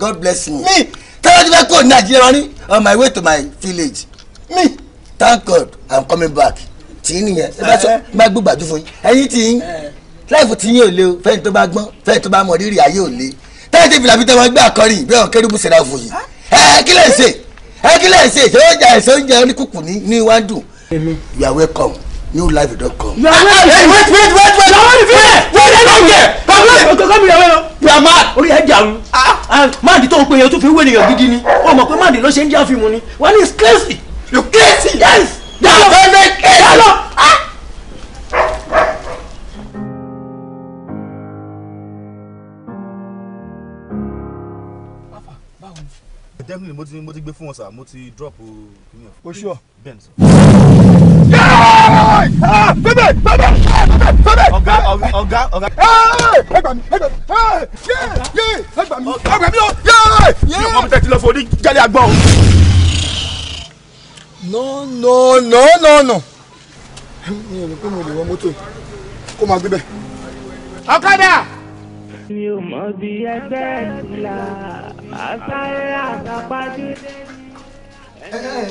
God bless me tó bá ti fẹ́ kó ní on my way my village me thank God I'm coming back tí nìyẹn ẹ bá sọ eh. bá gbúgbàdú fún yín ẹ̀yin tí yín eh. láìfù tí yín ò le o fẹ́ni tó bá gbọ́n fẹ́ni tó bá mọ rírì ayé ò le táyà tí fìlà fi tẹ́ wọn gbé newlife.com. Ah, na wait wait wait wait wait wait wait wait wait wait wait wait kọ́kọ́ mi you? lọ. yàmá orí ẹ jàrú. Ah. Ah, máàdì tó ń pè yẹn tó fi wé nìyàn gidi ni o mọ̀ pé máàdì ló ṣe ń jẹ́ àfihàn ni wọ́n ní it's crazy. you crazy. yes. yàrá yàrá. definitely mo ti mo ti gbé fún wọn sir mo ti drop uh, kini o. o sure. bẹ́ẹ̀ni sir. bẹ́ẹ̀ bẹ́ẹ̀ bẹ́ẹ̀ bẹ́ẹ̀. ọ̀gá ọ̀gá ọ̀gá. ẹ gbà mí ẹ gbà mí ẹ gbà mí ẹ gbà mí o. yóò kọ́ mi tẹ́tí lọ fún oní jálẹ̀ àgbọ̀n. no no no no no mi ò rò pé mo lè wọ mọ́tò kó máa gbé bẹ́ẹ̀. ọ̀kadà. mi ò mọ bí ẹgbẹ́ ńlá àsáré àsàpàjúdé àwọn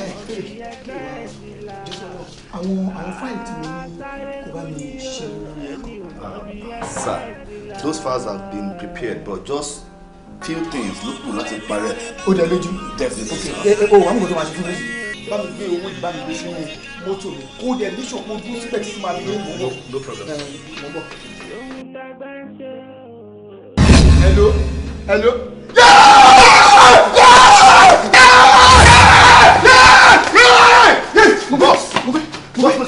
àwọn fáìlì tí mo ní kò bá mi ṣe lórí sir those files have been prepared but just few things ló kù láti parẹ́. ó dẹ lójú. definitely. ok ẹ ẹ o àwọn kò tó máa ṣe fún mi. bá mi gbé owó ìbá mi gbé sínú mọ́tò mi kó dẹ ní ṣòkò dúró síbẹ̀ tí màá fi mú bọ̀. no problem. mo bọ̀. hello hello. Yeah! Eh?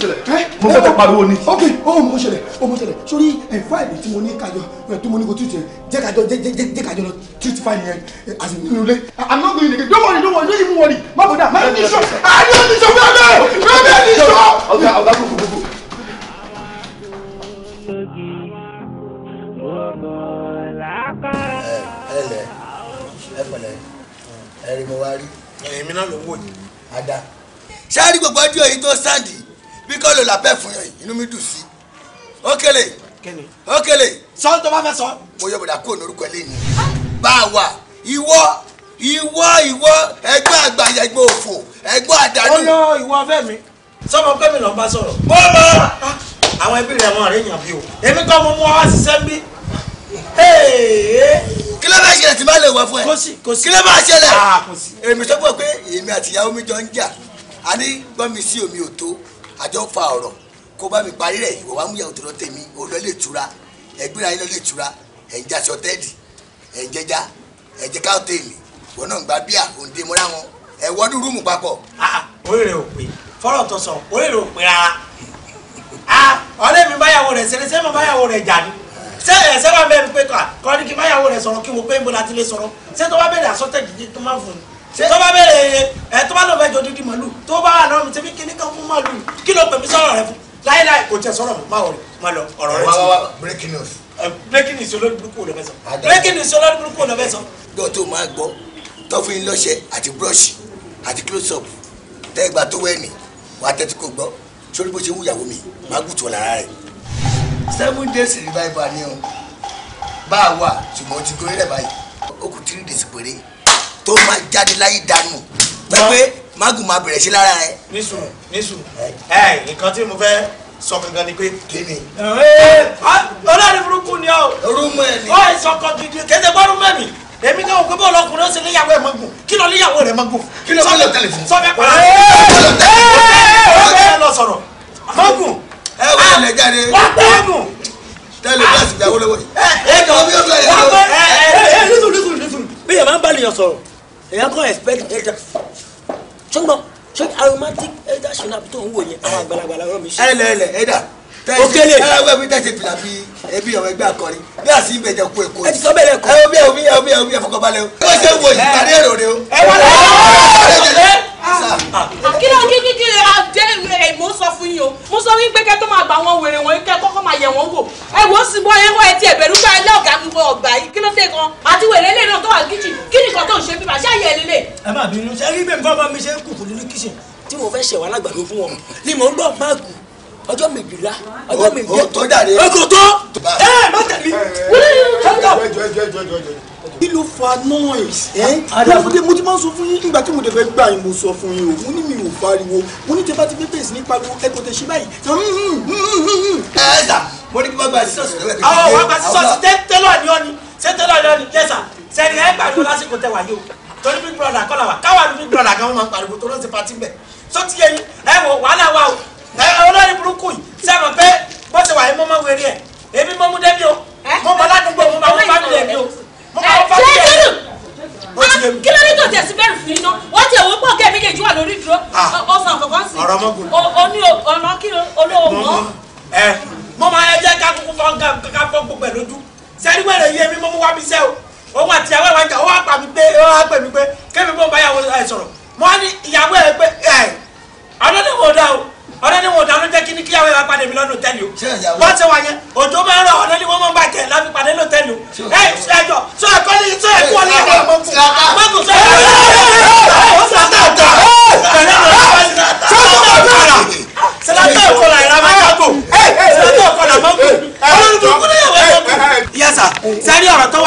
mo fẹ́ fẹ́ pariwo ni. ok ohun mo ṣẹlẹ̀ ohun mo ṣẹlẹ̀ sórí eh, fáìlì tí mo ní kájọ eh, tí mo ní ko treat yẹn jẹ́ kájọ jẹ́ kájọ lọ treat fáìlì yẹn as in nínú ilé. i'm not going again don't worry don't worry don't even worry má bọ̀ dá má ní sọ àní ò ní sọ bẹ́ẹ̀ bẹ́ẹ̀ bẹ́ẹ̀ ní sọ. ọ̀gá ọ̀gá kò kò kò. ẹ ẹ lẹ ẹ pẹ̀lẹ́ ẹ rí mo wá rí. èmi náà ló wò yìí. ada ṣáà rí gbogbo ọdún yìí tó sáàdì bí kò lè là bẹ́ẹ̀ fún yẹn inú mi dùn sí i ó kélé ó kélé. sọ tó bá fẹ́ sọ. mo yọ bọ̀dà kúrò lórúkọ eléyìí bá a wà ìwọ ìwọ ìwọ ẹgbẹ́ àgbàyà ẹgbẹ́ òfò ẹgbẹ́ àdánù. ó yọ ìwọ ọfẹ mi sọmọ pé mi lọ bá sọ̀rọ̀. mo mọ àwọn ẹbí rẹ wọn rẹ yàn bí o èmi kọ́ mo mú ọ wá ṣiṣẹ́ bí kí ló bá ṣẹlẹ̀ tí máa lè wọ fún ẹ kí ló bá ṣẹlẹ̀ èmi sọ pé èmi àtìyàwó mi jọ ń jà a ní gbọ́n mi sí omi ò tó àjọ fa ọ̀rọ̀ kó bá mi parí rẹ̀ ìwọ wa mú ìyàwó tòlọ́ tèmi olóò lè tura ẹgbẹ́ra yín lọ lè tura ẹ̀ ń já aṣọ tẹ́ẹ̀dì ẹ̀ ń jẹja ẹ̀ ń jẹ káwọ́tẹ́ẹ̀lì wọn náà ń gba bíà òǹdè mọ́ra wọn ẹ̀ wọ́dún rúùmù papọ̀. Ah, ah, orí rẹ̀ ò pé fọ́rọ̀ tó sọ orí rẹ̀ ò pé rárá ah, ọ̀rẹ́ mi báyàwó rẹ̀ ṣeré sẹ́mi báyàwó rẹ̀ jà ni ṣé ẹ̀ṣẹ́ bá bẹ́ẹ̀ mi pé kọ́ ni kí báyàwó rẹ̀ sọ̀rọ̀ kí mo pé ń bọ́lá ti lè sọ̀rọ̀ ṣé tó bá bẹ̀rẹ̀ àsọtẹ̀ tó máa fún un tó bá bẹ̀rẹ̀ ẹ tó bá lọ fẹ́ jọdún di màlúù tó bá wà lọ́rùn mi tẹ́bí kíní kan fún màlúù kí ló pè mí sọ̀rọ̀ rẹ fún láíláí kò tẹ̀ sọ̀rọ̀ má wọlé má lọ ọ̀rọ̀ rẹ ti. breaking news. breaking news olórí burúkú lọ fẹ́ sọ. breaking news olórí burúkú lọ fẹ́ sọ. gbọ́ tó máa gbọ́ tọ́fin lọ́sẹ̀ àti búrọ́ọ̀ṣì àti close up tẹ́gbà tó wẹ̀nì wà tẹ́tí kò gbọ́ sórí bó ṣe wúyàwó mi má gùtù ọ̀la rẹ̀. seven days revival ni o bá a wà ṣùgbọ́n ti tó máa jáde láyé dànù pẹ́pẹ́ magun máa bẹ̀rẹ̀ sí lára rẹ. nísù nísù ẹ nǹkan tí mo fẹ́ sọ gangan ni pé. kíni. ọlọ́run burúkú ni ọ. rúmọ ẹ ni. ọ ìsọkọ gidi kẹsẹ̀ gbọ́ rúmọ mi èmi náà gbé bọ́ọ̀lù ọkùnrin ó sì níyàwó ẹ̀ mọ́gùn kí ló níyàwó rẹ̀ mọ́gùn. kí ló bọ́ọ̀lù tẹlifù. sọfẹ pa ẹ ẹ lọ sọ̀rọ̀ mọ́gùn. ẹ wọ ilẹ̀ jáde. wà á pẹ́ mù. tẹ́lẹ̀ bá sì gbà wọlé wọlé. ẹ ẹ jọ wà á pẹ́ ẹ ẹ ẹ nísùn nísùn nísùn bí yàrá ń bá lè yàn sọ̀rọ̀ èèyàn kò expect haters ṣùgbọ́n ṣé aromatic haters ṣùgbọ́n àbí tó ń wò yẹn àwọn àgbàlagbà làwọn mi ṣe. ẹ lẹ ẹ ẹ dà. Okele. ẹ wẹ́n mi tẹ̀sí fìlà bí ẹbí ọmọ ẹgbẹ́ akọrin bí àti ìbẹ̀jẹ̀ kú ẹ̀kọ́. ẹ ti sọ bẹ́ẹ̀ lẹ́kọ̀ọ́. ẹ omi ẹ omi ẹ omi ẹ fọkànbalẹ̀ o. ó ṣe wo ìpàdé èrò rẹ o. ẹ wà lọ́wọ́. kí ló kí kí kí adé ah, ẹ mo sọ fún yín o mo sọ wípé kẹ́ tó máa gbà wọn wèrè wọn kẹ́ kọ́kọ́ máa yẹ̀ wọ́n wò ẹ wò ó sì bọ́ ẹ wọ ẹ ti ẹ̀bẹ̀rù ká ilé ọ̀gá gbogbo ọ̀gbà yìí kí ló dé gan àti wèrè lè náà tó wà kíchìn kí nìkan tó ń ṣe bíbá ṣáà yẹ lélẹ̀. ẹ má bínú ṣe rí bẹ́ẹ̀ nǹkan bá mi ṣe kùkù nínú kíchìn tí mo fẹ́ ṣẹ̀wá lágbàdo fún wọn ni mò ń gbọ́ máàkù ọjọ́ méjìlá ọjọ́ méjìlá ọgọ tó ẹ eh, má tẹ̀lé kí ló fa noise. aláfọdé eh? mo ti máa ń sọ fún yín nígbà tí mo dẹ̀ fẹ́ gbà yín mo sọ fún yín o mo ní mi ò pariwo mo ní tẹ́fà ti fẹ́ bẹ̀rẹ̀ sí ní pariwo ẹ kò tẹ̀ ṣe báyìí. Hmm, hmm, hmm, ẹ ẹ sà mo ní kí wọ́n gba sísọ̀sì tẹ́lẹ̀. àwọn wàá gba sísọ̀sì tẹ́lọ̀ ni ọ́ ni ṣé tẹ́lọ̀ ni ọ́ ni yẹ́sà sẹ́ni ẹ gbàdúrà lásìkò tẹ̀wá yìí o torí big brother kọ́ la wa káwa ni big brother gan wọn máa ń pariwo tó ló ń ṣe pati bẹ́ẹ̀ sọ́tìyẹ yín ẹ wò wàhálà wa o olórí burúkú yìí sẹ́wọ̀n pé bó ṣe wà yìí mo mọ wẹ̀rí ẹ̀ èmi mo mú débi o mo mọ ládùúgbò mo mọ àwọn fámìlì mi o mo mọ àwọn fámìlì ah, mi. kí ló dé tó tẹ̀sí bẹ́ẹ̀ fún iná wọ́n ti ẹ̀wọ́ pọ̀ kẹ́ méjèèjì wà lórí dúró ọ̀sán àkọ́kọ́ sí oní ọ̀nà kí olówó mọ́. ẹ mo máa ẹ jẹ́ ká kúkú fọ́n ká fọ́n gbogbo ẹ̀ lójú sẹ́ni wẹ̀rẹ̀ yé mi o òun àti ìyàwó ìwà ìjà ó wá pa mi pé ó wá pè mí pé kébì mo bá ìyàwó ẹ sọ̀rọ̀ mo á ọ̀rẹ́ ni wọn ò dáná jẹ́ kí ni kíyàwó yẹn wá pàdé mi lọ́nà òtẹ́lì o wọ́n ti wà òjò máa ń rọ ọ̀rẹ́ ni wọ́n máa ń bàjẹ́ láfi pàdé ní o ẹ ẹjọ sọ ẹ̀kọ́ ní sọ ẹ̀kọ́ ní ẹ̀kọ́ mọ́kù mọ́kù sọ ẹ̀kọ́ ní ẹ̀kọ́ sọ́tà ọ̀tà sọ́tà ọ̀kọ́là ìrànmọ́ mọ́kù sọ́tà ọ̀kọ́là mọ́kù ọlọ́run tó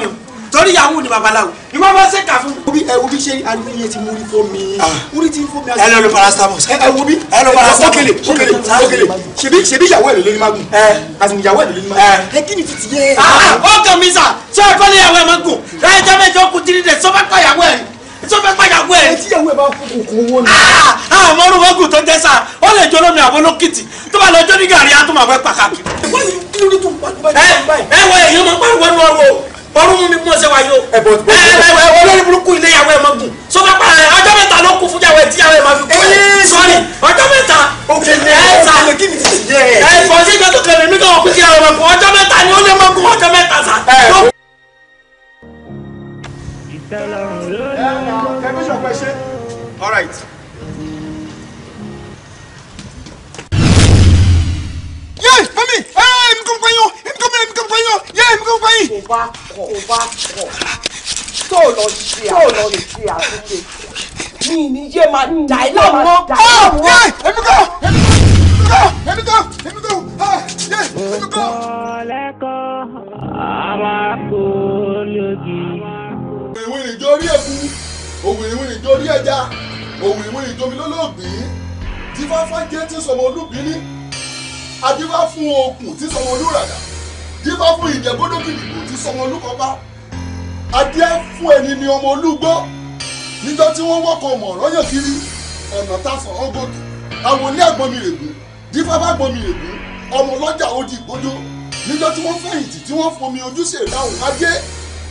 kú torí ìyàwó ni babaláwo ni wọ́n bá ṣe kà fún mi. obi ẹ obi ṣe aliye ti múri fún mi ah. múri ti fún mi. ẹ lọ lo paracetamol. ẹ ẹ wobi ẹ lọ paracetamol. okele okele okele ṣebí ṣebí ìyàwó ẹ ló lé ní magun. ẹ àtùn ìyàwó ẹ ló lé ní magun. ẹ kí ni titi yẹ. Ah, ah, ọkàn mi sà ṣé ẹ kọ́lé ìyàwó ẹ máa gùn láyé jẹ́ mẹ́jọ kù tiri dẹ̀ sọ́fẹ́ kọ́ ìyàwó ẹ sọfẹ gbàgbọ ẹ. ẹ tí ìyàwó ẹ bá fún kòkó owó ni. àwọn ọmọ orúkọ gùn tó jẹ sá ó lè jọ lómi àwọn olókìtì tó bá lọ jọ ní gàrí àtúmọ̀ àbẹ́ pàkàkì. ẹ wọ èyí ọmọ pariwo ni wọn wo ọrùn mi kún ọsẹ wa yìí ẹ ẹ olórí burúkú ilé yàwó ẹ ma gùn so bá pa ọjọ́ mẹ́ta ló kù fún yàwó tí yàwó ẹ ma fi kú ẹ sọrí ọjọ́ mẹ́ta ẹ ta ẹ fọ sí ìjọ tó kẹlẹ mi kàn wọ́n yàwó ẹ ma gùn ọjọ́ mẹ́ta ni ó lè ma gùn ọjọ́ mẹ́ta sa. All right. Yes, for me me me me nǹkan fún yín nǹkan mẹ́rin nǹkan fún yín yẹ́ nǹkan fún yín. tó bá kọ̀ tó bá kọ̀ tó Let me go. Let me go. Let me go. Let me go. Let me go. Let me go. Let me go. lẹ́kọ̀ọ́ àwàkọ́ lógi. òwìnwìn ìjọ orí ẹ̀kú òwìnwìn ìjọ orí ẹja òwìnwìn ìjọ mi lólóògbé tí fáfá jẹ́ tí sọmọ olúbìnrin adífá fún okùn tí sọmọ olúradà dífá fún ìjẹ́bódókìdìbò tí sọmọ olúkọ́bá adíá fún ẹni ni ọmọ olúgbó níjọ́ tí wọ́n wọ́kọ̀ mọ̀ ọ̀rọ̀ kiri ọ̀nà tásán ọgọ́dù àwọn ní àgbọ̀nmi règùn dífá bá gbọ̀nmi règùn ọmọ ọlọ́jà ó di ìgbódó níjọ́ tí wọ́n fẹ̀yìntì tí wọ́n fomi ojúṣe ìdáhùn ajé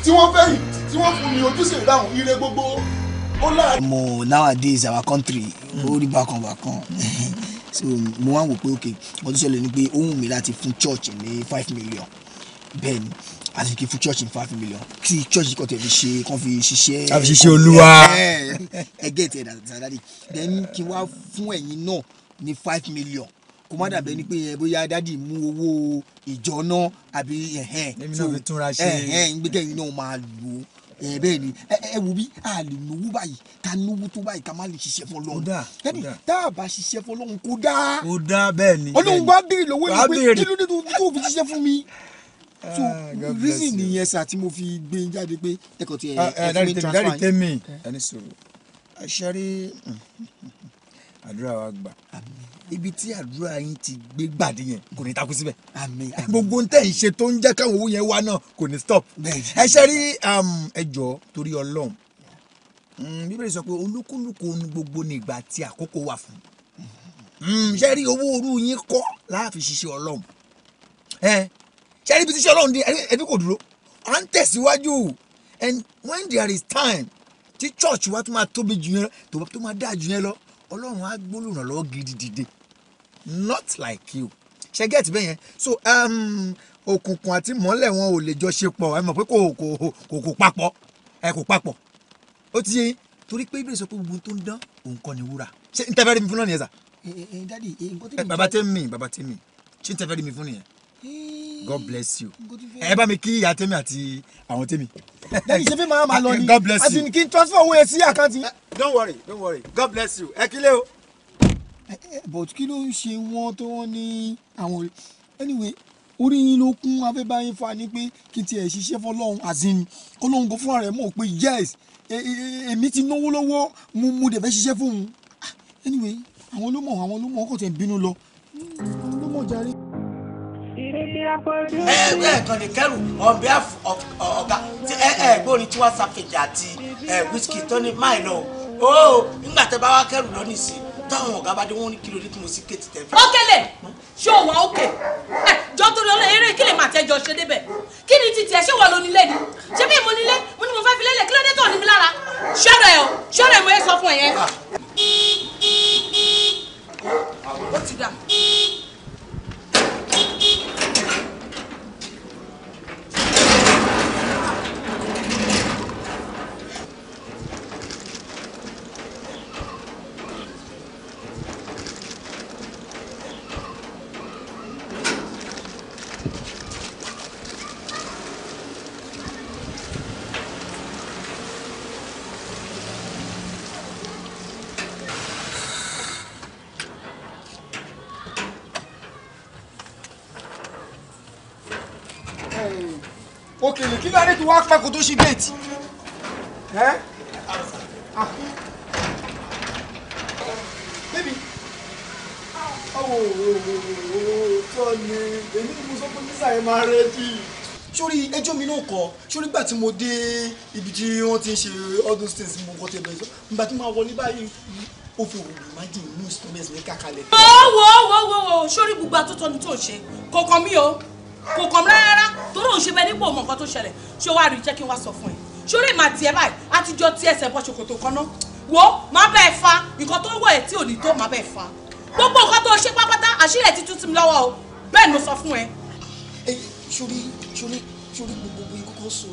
tí wọ́n fẹ̀yìntì tí wọ́n fomi ojúṣe ìdáhùn ire gbogbo ó láàrin. mo nowadays our country ó rí bákan bákan [laughs] so mo wá wò pé ok mo tún ṣẹlẹ̀ ni pé ó wù mí láti fún church ní five million bẹ́ẹ̀ ni àti kí fún church ní five million kí church kan tẹ̀ fi ṣe kan fi ṣiṣẹ́ kan fi ṣiṣẹ́ olúwa ẹgẹ́ tẹ̀ dàdádì then kí wá fún ẹ̀yin náà ní five million kò má dàbẹ́ ni pé eh, bóyá dádì mú owó ìjọ náà àbí ẹ̀hẹ́n so ẹ̀hẹ́n gbẹ́gẹ́ yín náà máa lò ó ẹ eh, bẹ́ẹ̀ ni eh, eh, ẹ wò bí a lè lówó báyìí ká lówó tó báyìí ká má lè ṣiṣẹ́ fọlọ́run kódà kódà tá a bá ṣiṣẹ́ fọlọ́run kódà kódà bẹ́ẹ̀ ni ọlọ́run bá béèrè lọ́wọ́ yìí pé kí ló dé tó fi ṣiṣẹ́ fún mi ah, so reason nìyẹn sà tí mo fi gbé e jáde pé ẹkọ tí ẹ ẹ ah, fún mi transfer yìí. dáàdì tẹ́mi ẹni sọ̀rọ̀ àṣàrí àdúrà wa gbà. ibi tí àdúrà yín ti gbé gbàdé yẹn kò ní takú síbẹ̀. gbogbo ń tẹ̀ ń ṣe tó ń jẹ́ káwọn owó yẹn wá náà kò ní stop. ẹ ṣe rí um, ẹjọ́ torí ọlọ́run hmm, bíbélì sọ pé olúkúlùkù ohun gbogbo ní ìgbà tí àkókò wà fún. Hmm, ṣe rí owó orú yín kọ́ láàfin ṣiṣẹ́ ọlọ́run. ṣe rí ibi tí ṣe ọlọ́run dé ẹbí kò dúró à ń tẹ̀síwájú and when there is time tí church wa tó máa tóbi jù yẹn tó máa dáa jù yẹn lọ ọlọ́run á gbólùrànlọ́wọ́ gidi dìde not like you ṣe get bẹ́ẹ̀ yẹn so um, òkùnkùn àti mọ́lẹ̀ wọn ò lè jọ ṣe pọ̀ ẹ mọ̀ pé kò kò kò kò papọ̀ ẹ kò papọ̀ ó ti yẹn torí pé ibèrè sọ pé gbogbo tó ń dán òun kọ́ ni wúrà ṣé n tẹ́fẹ́ rí mi fún náà nìyẹn sà. ẹ eh, eh, eh, bàbá tẹ́ mi bàbá tẹ́ mi ṣé n tẹ́fẹ́ rí mi fún nìyẹn. God bless you. ẹ bá mi kí ìyá tẹ́mi àti àwọn tẹ́mi. dadi ṣe fi máa ma lọ [laughs] ni àti kí n transfer owó yẹn sí àkáǹtì don't worry don't worry god bless you ẹ kílẹ̀ o. but kí ló ń ṣe wọ́n tó wọ́n ní àwọn anyway orí yín ló kún afẹ́báyín fa ni pé kí n tiẹ̀ ṣiṣẹ́ fọlọ́run àzìn ọlọ́run kan fúnra rẹ̀ mọ̀ pé yes èmi ti náwó lọ́wọ́ mo mo dẹ̀ fẹ́ ṣiṣẹ́ fún un anyway àwọn ló mọ̀ àwọn ló mọ̀ ọkọ̀ tẹ̀ ń bínú lọ ló mọ̀ jàre. ẹgbẹ́ ẹ̀kan ní kẹ́rù ọ̀bẹ ọ̀gá ẹ̀ ẹ̀ gbórin tiwa sáfẹ̀jà àti wíṣkì tó ní máìlọ́ọ̀ o nígbà tẹ bá wá kẹrù lọ nísìn táwọn ọ̀gá bá dé wọ́n ní kílódé tí mo sì ké ti tẹ̀ fẹ́. ókèlè ṣé o wà ókè jọ tó lọ eré kílè máa tẹjọ ṣe débẹ̀ kí ni titi ẹ ṣé wà lónílé ni ṣé bí mo nílé mo ní mo fẹ́ fi lélẹ̀ kílódé tó ní mi lára ṣọ́rọ̀ ẹ̀ o mo yẹ sọ fún ẹ yẹn. Ah. ó ti dà. tó ṣí géètì. bébì ọwọ́ tó ni èmi ni mo sọ pé nísà yẹn máa rẹ jì. ẹjọ́ mi náà kọ sórí gbà tí mo dé ibi tí wọ́n ti ń ṣe all those things mo kọ́ tẹ̀ bẹ̀rẹ̀ sọ nígbà tí mo wọlé báyìí ó fi òun ìmájì inú instruments mi kàkálẹ̀. wo wo wo wo sórí gbogbo àtúntò ní tò ń ṣe kò kàn o kò kàn rárá torí òun ṣe bẹ nípò mọ nǹkan tó ṣẹlẹ̀ ṣé wàá rí jẹ́ kí n wá sọ fún ẹ ṣé ó lè máa tiẹ̀ báyìí àtijọ́ tí ẹsẹ̀ bọ́ ṣòkòtò kan náà wo máa bẹ́ẹ̀ fa nǹkan tó wọ̀ ẹ́ tí ò ní tó máa bẹ́ẹ̀ fa gbogbo nǹkan tó ṣe pápátá àṣírí ẹ̀ ti tún ti mi lọ́wọ́ o bẹ́ẹ̀ ni mo sọ fún ẹ. ṣorí ṣorí ṣorí gbogbo ikú kan sọ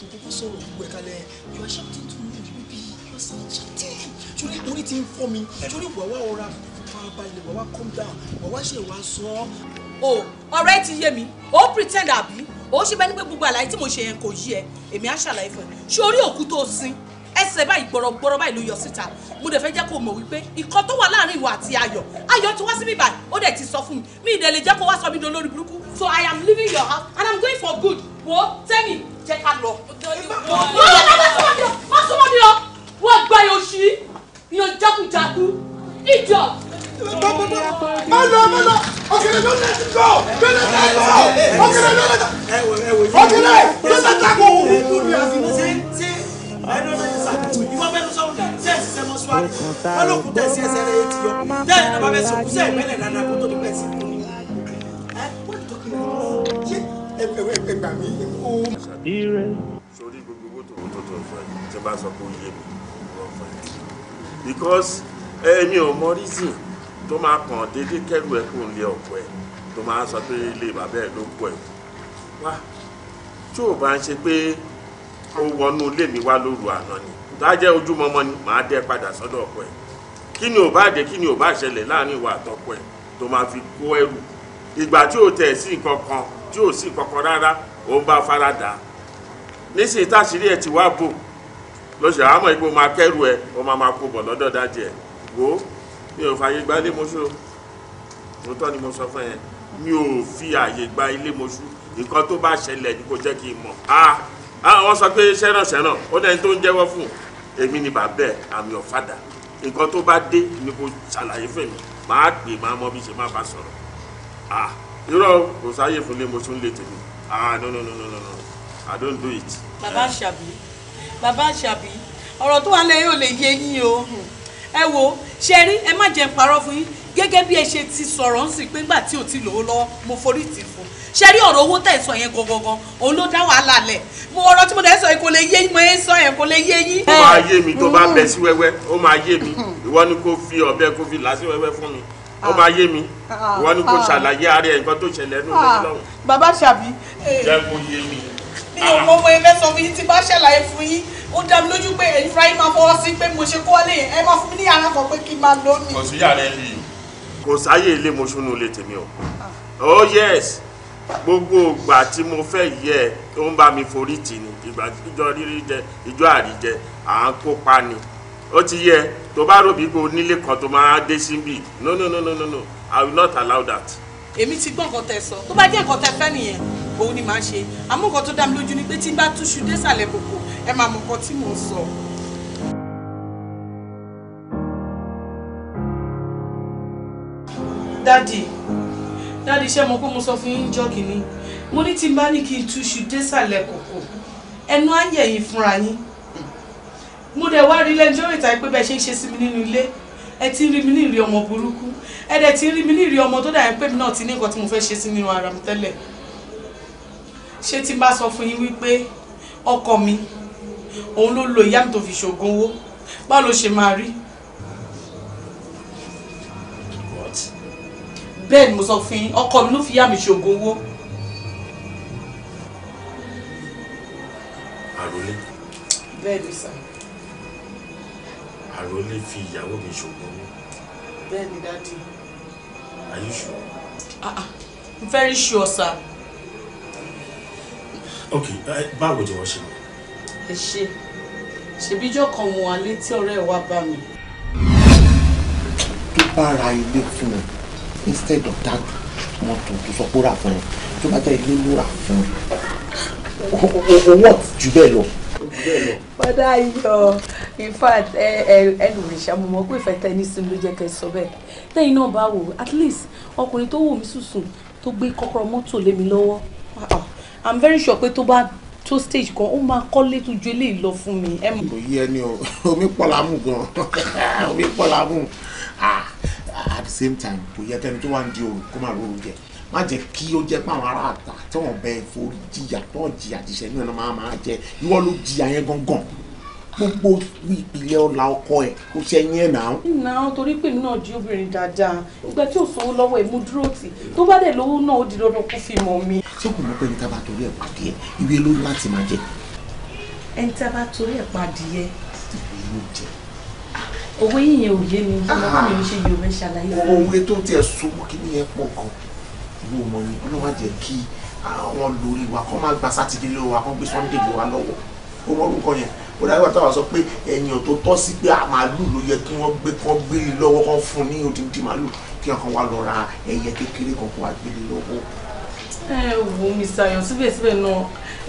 tó kókó sọ̀rọ̀ gbogbo ẹ̀ kalẹ̀ you are shouting to me baby you are shouting ṣorí orí ti ń fọ́ mi ṣorí wàá wá ọ̀ra farabalẹ̀ wàá wá calm down wàá wá ṣe ìwà sọ ọ́ o ọ̀rọ̀ ẹ ti yé mi ó pretend àbí ó ṣe bẹ́ẹ̀ ni pé gbogbo àlàyé tí mo ṣe yẹn kò yí ẹ èmi á ṣàlàyé fún ẹ ṣé orí òkú tó sin ẹsẹ̀ báyìí gbọ̀rọ̀gbọ̀rọ̀ báyìí ló yọ síta mo dẹ̀ fẹ́ jẹ́ kó mọ̀ wípé ìkan tó wà láàrin ìwà àti ayọ̀ ayọ̀ ti wá síbí báyìí ó dẹ̀ ti sọ fún mi mi ìdẹ̀ lè jẹ́ kó wá sọ mi di olórí burúkú so i am leaving your house and i am going for good wo tẹ́mi jẹ́ ká lọ. wọ́n gbá yóò ṣí yóò jákujàku idiot mẹ́lọ mẹ́lọ ọ̀kẹ́lẹ́ ló lẹ́tí gọ́ lọ́lẹ́ tako ọ̀kẹ́lẹ́ ló lẹ́tà ọ̀kẹ́lẹ́ ló lẹ́tà tako òun tó rí àti ṣe ṣe ẹnu ló ti sàkóso ìwọ mẹ́nu sọ́wọ́n ṣe ẹ̀sì sẹ́mọ́ sọ́wọ́n wọn because ẹni eh, ò mọ reason tó máa kàn déédé kẹ́rù ẹ̀ kò ń lé ọ̀pọ̀ ẹ̀ tó máa sọ pé ilé bàbá ẹ̀ ló kọ ẹ̀ wá tí ò bá ń ṣe pé ó wọnú ilé mi wá lóru àná ni tó á jẹ́ ojúmọmọ ni màá dẹ́ padà sọ́dọ̀ ọ̀pọ̀ ẹ̀ kí ni ò bá dé kí ni ò bá ṣẹlẹ̀ láàrin ìwà àtọ́kọ̀ ẹ̀ tó máa fi kó ẹrù ìgbà tí ò tẹ̀ sí nǹkan kan tí ò sí nǹkan kan rárá ó ń bá faradà nísìnyí táṣírí ẹ̀ ti wá bò lọ́sẹ̀ àmọ́ ìpò máa kẹ́rù ẹ̀ ó máa máa kó bọ̀ lọ́dọ̀ dájẹ́ wo mi ò fààyè gba ilé mọ́ṣú mo tọ́ ni mo sọ fún yẹn mi ò fi àyè gba ilé mọ́ṣú nǹkan tó bá ṣẹlẹ̀ ni kò jẹ́ kí n mọ̀ a wọ́n sọ pé ṣẹ́ràn ṣẹ́ràn ó dẹ́ni tó ń jẹ́wọ́ fún èmi ni bàbá àmì ọ̀fadà nǹkan tó bá dé ni kò ṣàlàyé fún mi màá pè máa mọ bí ṣe má bá sọ̀rọ̀ irọ́ kò sáyè fún ilé mọ́ṣú lè tèmi ah no no no no no i don't do it. bàbá àṣàbí bàbá àṣàbí ọ̀rọ̀ tó wà lẹ́yìn ò lè yé yín o ẹ wo ṣe rí ẹ má jẹ́ n parọ́ fún yín gẹ́gẹ́ bí ẹ ṣe ti sọ̀rọ̀ ń sìn pé ńgbà tí ò ti lówó lọ́wọ́ mo forí tì fún ṣe rí ọ̀rọ̀ owó tẹ̀ sọ yẹn gangan òun ló dá wàhálà lẹ̀ mo ọ̀rọ̀ tí mo dẹ̀ sọ yẹn kò lè yé mo yẹn sọ yẹn kò lè yé yín. ó máa yé mi tó bá mm. bẹ sí wẹ́wẹ́ ó máa yé mi ìwọ ni kò fi ọ̀bẹ kò fi là sí fún mi ó máa yé mi ah, ah, ìwọ ni kò ah. ṣàlàyé ara nǹkan tó ṣẹlẹ̀ nù lọ́wọ́. bàbá ṣàbí. jẹ́ kó yé mi mi ò mọ ohun ẹgbẹ́ sọ fún yín tí bá ṣàlàyé fún yín ó dá mi lójú pé ẹ̀yin fúnra yín máa fọwọ́ sí pé mo ṣe kó wálé yẹn ẹ máa fún mi ní ara kan pé kí n máa lọ mi. kò sí yàrá ẹ yìí. kò sáyè ilé mo ṣúnú ilé tèmi o oh yes gbogbo ìgbà tí mo fẹ́ yẹ ó ń bá mi forí tì ní ìgbà ìjọ rírí jẹ ìjọ àríjẹ à ń kópa ni ó ti yẹ tó bá rò bí kò nílé kan tó máa dé síbì no no no no no i will not allow that. èmi ti gbọ́ nǹkan tẹ sọ tó bá jẹ́ nǹkan tẹ fẹ́ nìyẹn òun ni màá ṣe àmọ́ tó dá lójú ni pé tí n bá túṣu désàlẹ̀ kòkò ẹ máa mọ tí mò ń sọ. dádì dádì ṣé mo kó mo sọ fún yín jọ́ kìíní mo ní tí n bá ní kí n túṣu désàlẹ̀ kòkò ẹnu á yẹ̀ fúnra yín mo dẹ̀ wá rí lẹ́jọ́ ìta pé bẹ́ẹ̀ ṣe ń ṣe sí mi nínú ilé ẹ ti ń rí mi ní ìrí ọmọ burúkú ẹ dẹ̀ ti rí mi ní ìrí ọmọ tó dà yẹn pé mi náà ti ní nǹkan tí mo fẹ́ ṣe sí nínú ara mi tẹ́lẹ̀ ṣé tí n bá sọ fún yín wípé ọkọ mi òun ló lo ìyá mi tó fi ṣoògùn owó báwo ló ṣe máa rí. bẹ́ẹ̀ ni mo sọ fún yín ọkọ mi ló fi yá mi ṣoògùn owó. àròlé. bẹ́ẹ̀ ni sà. àròlé fi ìyàwó mi ṣoògùn owó. bẹ́ẹ̀ ni dáàdi. are you sure? ah ah very sure sir ok báwo ni wọ́n ṣe mọ̀. ẹ ṣe ṣèbíjọ́ kan mo wà létí ọ̀rẹ́ wa bá mi. tó bá ra ilé fún un instead of that mọ́tò tó sọ pé ó rà fún un tó bá jẹ́ ilé ló rà fún un owó jù bẹ́ẹ̀ lọ. padà yọ in fact ẹ ẹ ẹ lòlì ṣàmùmọ́ pé ìfẹ́ tẹ́ ní sinmi ló jẹ́ kẹ́ sọ bẹ́ẹ̀ tẹ́yìn náà bá wò at least ọkùnrin tó wò mí sùsùn tó gbé kọ́kọ́rọ́ mọ́tò lé mi lọ́wọ́ ah, ah, i'm very sure pé tó bá tó stage kan ó máa kọ́lé tó ju eléyìí lọ fún mi. kò yí ẹni o [laughs] omi pọ̀lámù gan [laughs] omi Ah, at the same time kò yẹ kẹ́ni tó wà ń di òru kó máa lóorun jẹ má jẹ́ kí ó jẹ́ pé àwọn ará àtà tí wọ́n bẹ forí jìyà tó jìyà jìṣẹ́ ní ọ̀nà máa máa jẹ ìwọ ló jìyà yẹn gangan gbogbo ìpìlẹ̀ ọ̀la ọkọ ẹ̀ kò ṣe ẹyin ẹ̀ náà. náà torí pé náà di obìnrin dáadáa ìgbà tí ò sanwó lọ́wọ́ ẹ̀ mú dúró tì tó bá dẹ̀ lówó náà ó di dandan kó fi mọ̀ mi. ṣé kò mọ̀ pé ní tábà torí ẹ̀ pàdé ẹ̀ ìwé ló láti máa jẹ. ẹni tábà torí ẹ̀ pàdé ẹ̀. ìwé ló jẹ. òwe ah, yìnyẹn ò yé mi ọmọ mi ò ṣe yorùbá ṣàlàyé. òwe tó tiẹ̀ sọ́wọ́ kí ni ẹ pọ̀ gan ìwé ọmọ mi ọlọ́wà jẹ́ kí àwọn lórí wa ó dàgbà táwọn sọ pé ènìyàn tó tọ́ sí pé màálù ló yẹ kí wọ́n gbé kán gbé lọ́wọ́ kán fún ní odidi màálù kí wọ́n kan wá lọ ra ẹyẹ kékeré kan kó wá gbé lọ́wọ́ ẹ wo mr ayan síbẹ̀síbẹ̀ náà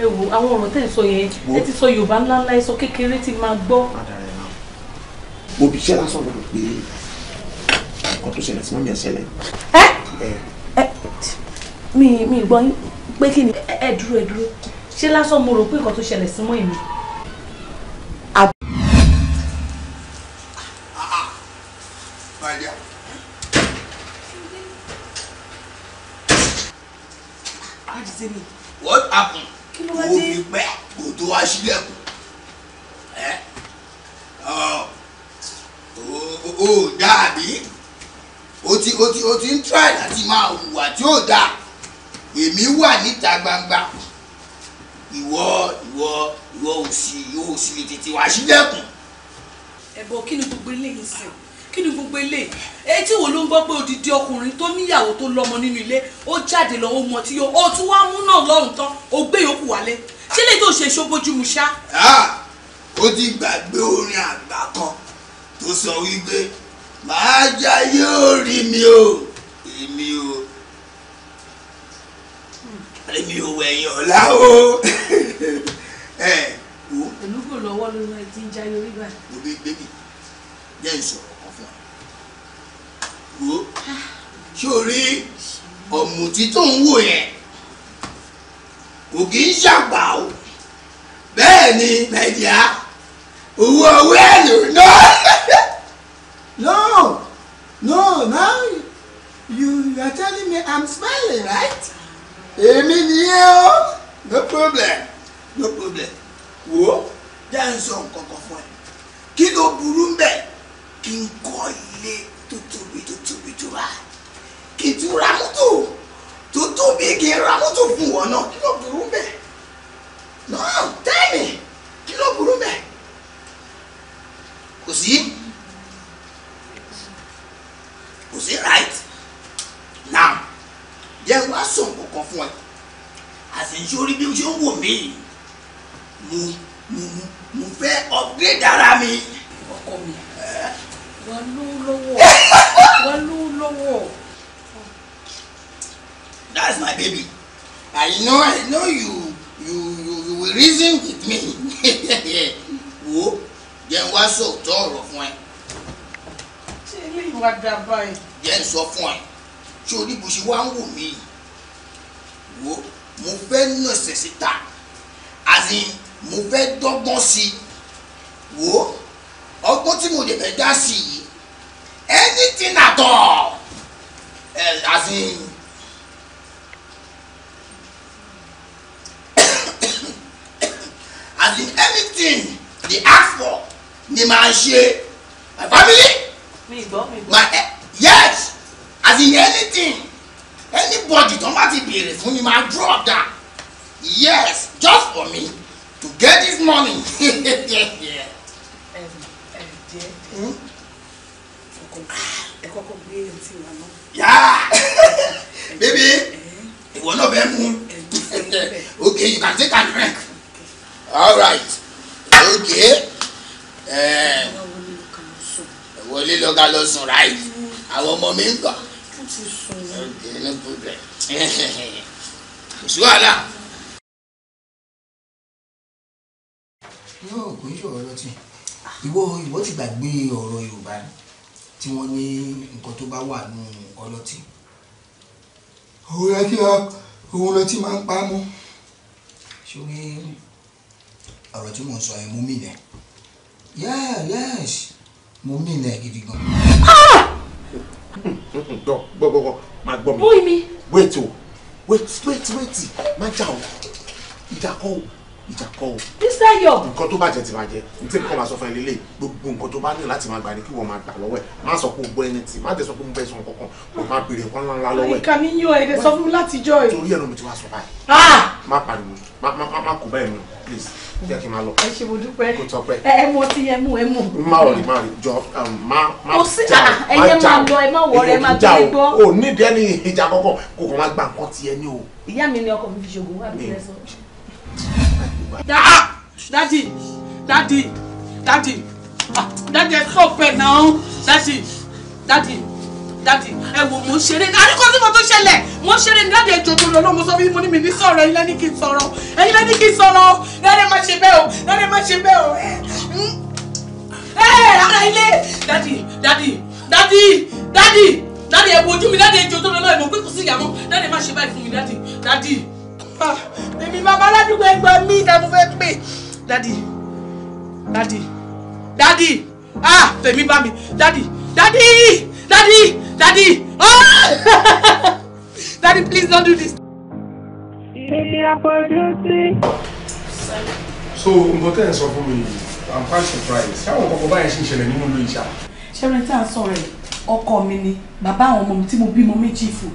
ẹ wo àwọn ọ̀rọ̀ tẹ̀ ń sọ yẹn ẹ ti sọ yorùbá ńlá ńlá ẹ sọ kékeré ti máa gbọ́. òbí iṣẹ́ lásán ló pé nǹkan tó ṣẹlẹ̀ sí mọ́mí ẹ̀ ṣẹlẹ̀. ẹ lásán mo rò pé nǹkan tó ṣẹlẹ̀ sí mọ́ èmi o ti o ti o ti ń try láti máa hùwà tí ò dáa èmi wa níta gbangba ìwọ ìwọ ìwọ òsì ìwọ òsì lè tètè wá sílẹ̀kùn. ẹ̀bọ̀ kí ni gbogbo eléyìí sìn kí ni gbogbo eléyìí etí wo ló ń gbọ́ pé odidi ọkùnrin tó níyàwó tó lọ́mọ nínú ilé ó jáde lọ ó mọ tí yó ó tún wá mú náà lọ́rùn tán ó gbé yòókù wálé ṣé lè tó ṣe ṣogbójú ṣá. ó ti gbàgbé orin àgbà kan tó sọ wípé màá já yóò rí mi o èmi o èmi ò wẹ̀yìn ọ̀la o [laughs] ẹ wò. èmi kò lọ́wọ́ lórí ẹ tí ń já yorí báyìí. mo bí bébì jẹ́ ìsọ̀rọ̀ kan fún ọ o rí ọ̀mùtí tó ń wò yẹn kò kì í ṣàgbà o bẹ́ẹ̀ ni nàìjíríà owó owó ẹ̀ lò náà. [laughs] So oh, now you, you are telling me I'm smiling, right? Èmi nìyẹn o. No problem. No problem. Wo jẹ́ ń sọ nǹkan kan fún ẹ. Kí ló burú ń bẹ̀? Kí n kọ́ ilé tó tóbi tó tóbi tó wá. Kì í tún ra tó tóbi kì í ra fún wọn náà. Kí ló burú ń bẹ̀? Náà tẹ́lẹ̀ kí ló burú ń bẹ̀? Kò sí. Was sí right now there was some nǹkan kan fún ẹ àṣìṣe orí bí ṣe ń wò mí mo mo mo fẹ́ upgrade ara mi. ọkọ mi wà ló lọ́wọ́ [laughs] wà ló lọ́wọ́. that's my baby i know i know you you you, you will reason with me [laughs] wo jẹ́ wá sọ òótọ́ ọ̀rọ̀ fún ẹ ilé ìwà dàbà ẹ̀. jẹ́ ń sọ fún ẹ ṣé o ní bó ṣe wá ń wò mí wo mo fẹ́ nọ̀sẹ̀ síta àti mo fẹ́ dọ́gbọ́n sí i wo ọgbọ́n tí mo lè fẹ́ dá sí i anything at all àti. [coughs] as in anything they ask for they màá ṣe my family my eh, yes as in anything anybody tó bá ti béèrè fún mi máa drop that yes just for me to get this money. [laughs] Hmm? yeah [laughs] baby ìwọ náà bẹ mú [laughs] okay you can take a drink all right okay. Um, lé lọ ká lọ sùn ráì àwọn ọmọ mi ń kọ. kò sí wàhálà. yóò kún yóò rántí ìwọ ìwọ ti gbàgbé ọ̀rọ̀ Yorùbá tí wọ́n ní nǹkan tó bá wà nù ọlọ́tí òun lọtí òun lọtí máa ń pa á mọ́ ṣórí ọ̀rọ̀ tí mò ń sọ ẹ̀ mú mi nẹ̀ yes yes mo mí ilẹ̀ gidi gan. gbọ́ gbọ́ gbọ́ máa gbọ́ mi. bóyá mi. wait o wait wait wait má jà o ìdàkọ́ o ìjà kọ́ o. mr yọ. nǹkan tó bàjẹ́ ti bàjẹ́ n tí nǹkan máa sọ fún ẹ lélẹ̀ gbogbo nǹkan tó bá ní láti máa gbà ní kí wọ́n máa gbà lọ́wọ́ ẹ̀ má sọ pé o gbọ́ ẹni tì má dẹ̀ sọ pé mo bẹ̀ sọ̀rọ̀ kankan o máa béèrè nǹkan ńlá ńlá lọ́wọ́ ẹ̀. ìkà mi yọ èdè sọ fún mi láti jọ ẹ. torí ẹnu mi ti wá sọ báyìí. Ah! má pariwo má kó báyìí nù please jẹ́ kí n máa lọ. ẹ ṣe mo dúpẹ́ kò tọpẹ́. ẹ ẹ mo ti ẹ mú ẹ mú. má ò rí má rí jọ um, má má jà ó ah, má jà ó ẹ má wọ rẹ má gbé gbọ́. ò nídìí ẹni ìjà kọ̀ọ̀kan kò kàn o. ìyá mi ni ọkọ Daddy, daddy, daddy, daddy, ah, ẹ sọ pẹ náà daddy, daddy. dadi ẹ wò mo ṣeré ní àríkọ́ tí mo tún ṣẹlẹ̀ mo ṣeré ní dadi ẹjọ́ tó lọ lọ́mọ sọ fún mi ní mi sọ̀rọ̀ ẹ̀yin lẹ́ni kí n sọ̀rọ̀ ẹ̀yin lẹ́ni kí n sọ̀rọ̀ lẹ́ni má ṣe bẹ́ẹ̀ o lẹ́ni má ṣe bẹ́ẹ̀ o ẹ ara ilé dadi dadi dadi dadi dadi ẹ wo ojú mi dadi ẹjọ́ tó lọ lọ́ọ̀ ẹ̀ mọ̀ pé kò sí ìyàmú dadi má ṣe báyìí fún mi dadi dadi èmi bàbá aládùúgbò ẹgbẹ́ mi ìta mo fẹ́ pè dadi dadi dadi ah fèmí bá mi dadi dadi dadi dadi oh dadi please don't do this. èmi àpọ̀jù sí. so nǹkan tẹ́ ẹ̀ sọ fún mi i'm quite surprised ṣáwọn kọ̀ọ̀kan báyìí ṣì ń ṣẹlẹ̀ nínú ìlú ìṣá. ṣẹ́rin tí a sọ̀rọ̀ ọkọ mi ni bàbá àwọn ọmọ mi tí mo bímọ méjì fún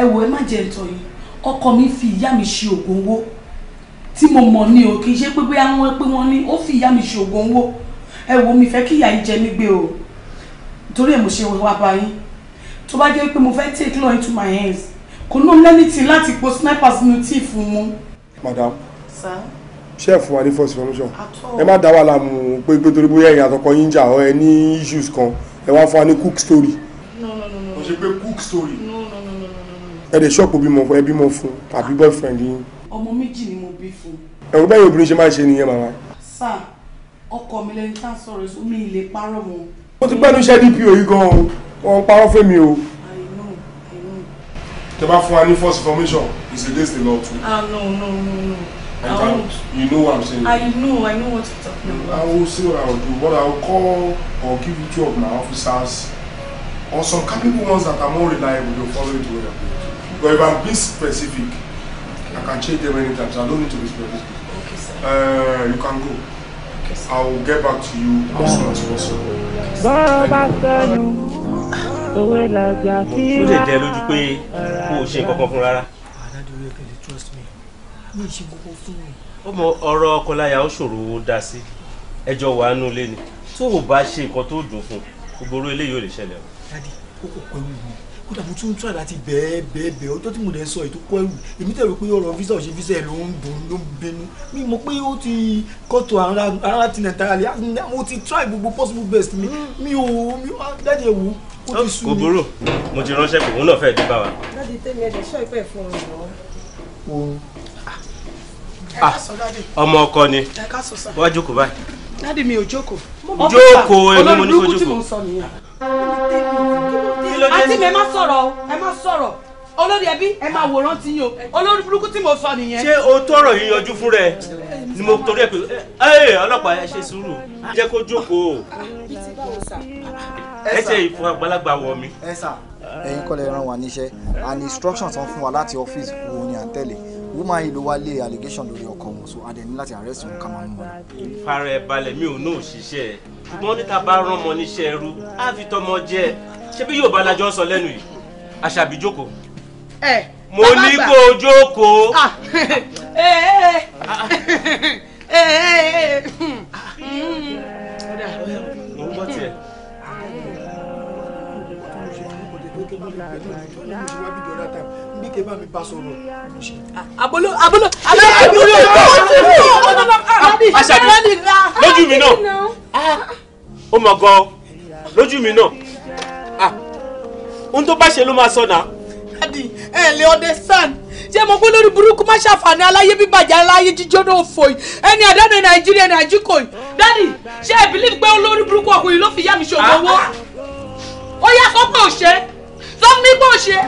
ẹ wò ẹ má jẹ́ ìtọ́ yìí ọkọ mi fi ìyá mi ṣe oògùn owó tí mo mọ̀ ni o kì í ṣe pé bóyá wọ́n pé wọ́n ní ó fi ìyá mi ṣe oògùn owó ẹ wo mi fẹ́ kí ìyá yìí jẹ mí gbé o torí ẹ̀ mo ṣe wá bá yín tó bá jẹ́ pé mo fẹ́ take law into my hands kò ní lẹ́nìtì láti po sniper sínú tíì fún mu. madam ṣé ẹ fún wa ní first information ẹ má dá wàhálà mú un pé pé torí bóyá ẹ̀yin àtọkọ yín jà ọ ẹ ní issues kan ẹ wá fún wa ní cook story. no no no no. o ṣe pé cook story. no ẹ lè ṣọ́ọ̀pù bímọ fún ẹ bímọ fún àbí boyfriend yín. ọmọ méjì ni mo bí fún. ẹ̀rù bẹ́ẹ̀ obìnrin ṣe máa ṣe nìyẹn màmá. sir ọkọ mi lẹni tá a sọ̀rọ̀ sí omi ilé parọ́ mọ́. mo ti gbẹ́nu iṣẹ́ DPO yìí gan-an wọ́n parọ́ fún mi o. tẹ bá fún wa ní first information is against the law too. ah no no no no. I, I won't. You know what I'm saying. I know, I know what you're talking about. I will see what I will do. But I will call or give you two of my officers or some capable ones that are more reliable, they'll follow it well. But if I'm being specific, okay. I can change them anytime, times. I don't need to be specific. Okay, sir. Uh, you can go. Okay, sir. I will get back to you as soon as possible. Bàbá Sanu, owó lọ́jà sí wa. Ó lè dẹ lójú pé kó o ṣe kankan fún rárá. Adájọ́ yẹ kí lè trust me. Mi ì ṣe kókó fún mi. Ọmọ ọ̀rọ̀ ọkọláya ó ṣòro ó dá sí. Ẹjọ́ wàá nú lé ni. Tó o bá ṣe nǹkan tó dùn fún, gbogbo orí eléyìí ò lè ṣẹlẹ̀ o. Dádì, ó kò pẹ́ wù mí kódà mo tún try láti bẹ́ẹ̀ bẹ́ẹ̀ bẹ́ẹ̀ ọjọ́ tí mo lè sọ ètò kọ́ ẹrù èmi tẹ̀rù pé ọ̀rọ̀ visa ò ṣe visa ẹ̀ ló ń dùn ló ń bínú mi mọ̀ pé ó ti kọ́tù ara ti nàìjíríà lé mo ti try gbogbo possible best mi mm. mi ò mi ò dáàdi ẹ̀ ó ti sú mi. kò mo ti ránṣẹ́ pé òun náà fẹ́ẹ́ dé bá wa. dáàdi tẹ́mi ẹ̀dẹ̀ ṣọ́ ìpẹ́ fún ọ ọmọ ọkọ ni wọ́n jókòó báyìí. dáàdi mi ò jókòó. jókòó ẹni àti mi ẹ má sọ̀rọ̀ o ẹ má sọ̀rọ̀ olórí ẹbí ẹ máa wòran ti yín o olórí burúkú tí mo sọ nìyẹn. ṣé o tọrọ yìí yanjú fún rẹ ni mo torí ẹ pé ẹ ọlọ́pàá ẹ ṣe sùúrù jẹ́ kó jókòó ẹ ṣe ìfún àgbàlagbà wọ mi. ẹ̀yin kọ́ lè ràn wá níṣẹ́ and instructions tán fún wa láti ọ́fíìsì wo ni à ń tẹ̀lé woman yìí ló wá lé allegation lórí ọkọ wọn so adẹ láti arrest wọn ká mú wọn. fara balẹ̀ mi ò náà ṣiṣẹ́ ẹ ṣùgbọ́n níta bá rán ọmọ níṣẹ́ ẹrú á fi tọmọ jẹ ẹ ṣé bí yóò bá lajọ sọ lẹ́nu yìí àṣàbí jókòó. ẹ mo ní kó o jókòó. mo ń gbọ́ tiẹ̀ ẹ bá mi bá sọ̀rọ̀. abolo abolo abolo abolo abolo abolo aṣáájú lójú mi náà ah. ó mọ̀ gan lójú mi náà ah. ohun tó bá ṣe ló máa sọ náà. dadi ẹ lè ọdẹ sàn ṣé mo gbé lórí burúkú má ṣàǹfààní aláyé bíbàjẹ́ aláyé jíjóná òfò yìí ẹni àdánù nàìjíríà nàìjíríkò yìí dadi ṣé ẹ bìlí pé olórí burúkú ọkùnrin ló fi yá mi ṣògbọ́n owó ah. ó yá kọ́kọ́ òṣèré sọ fún bó ṣe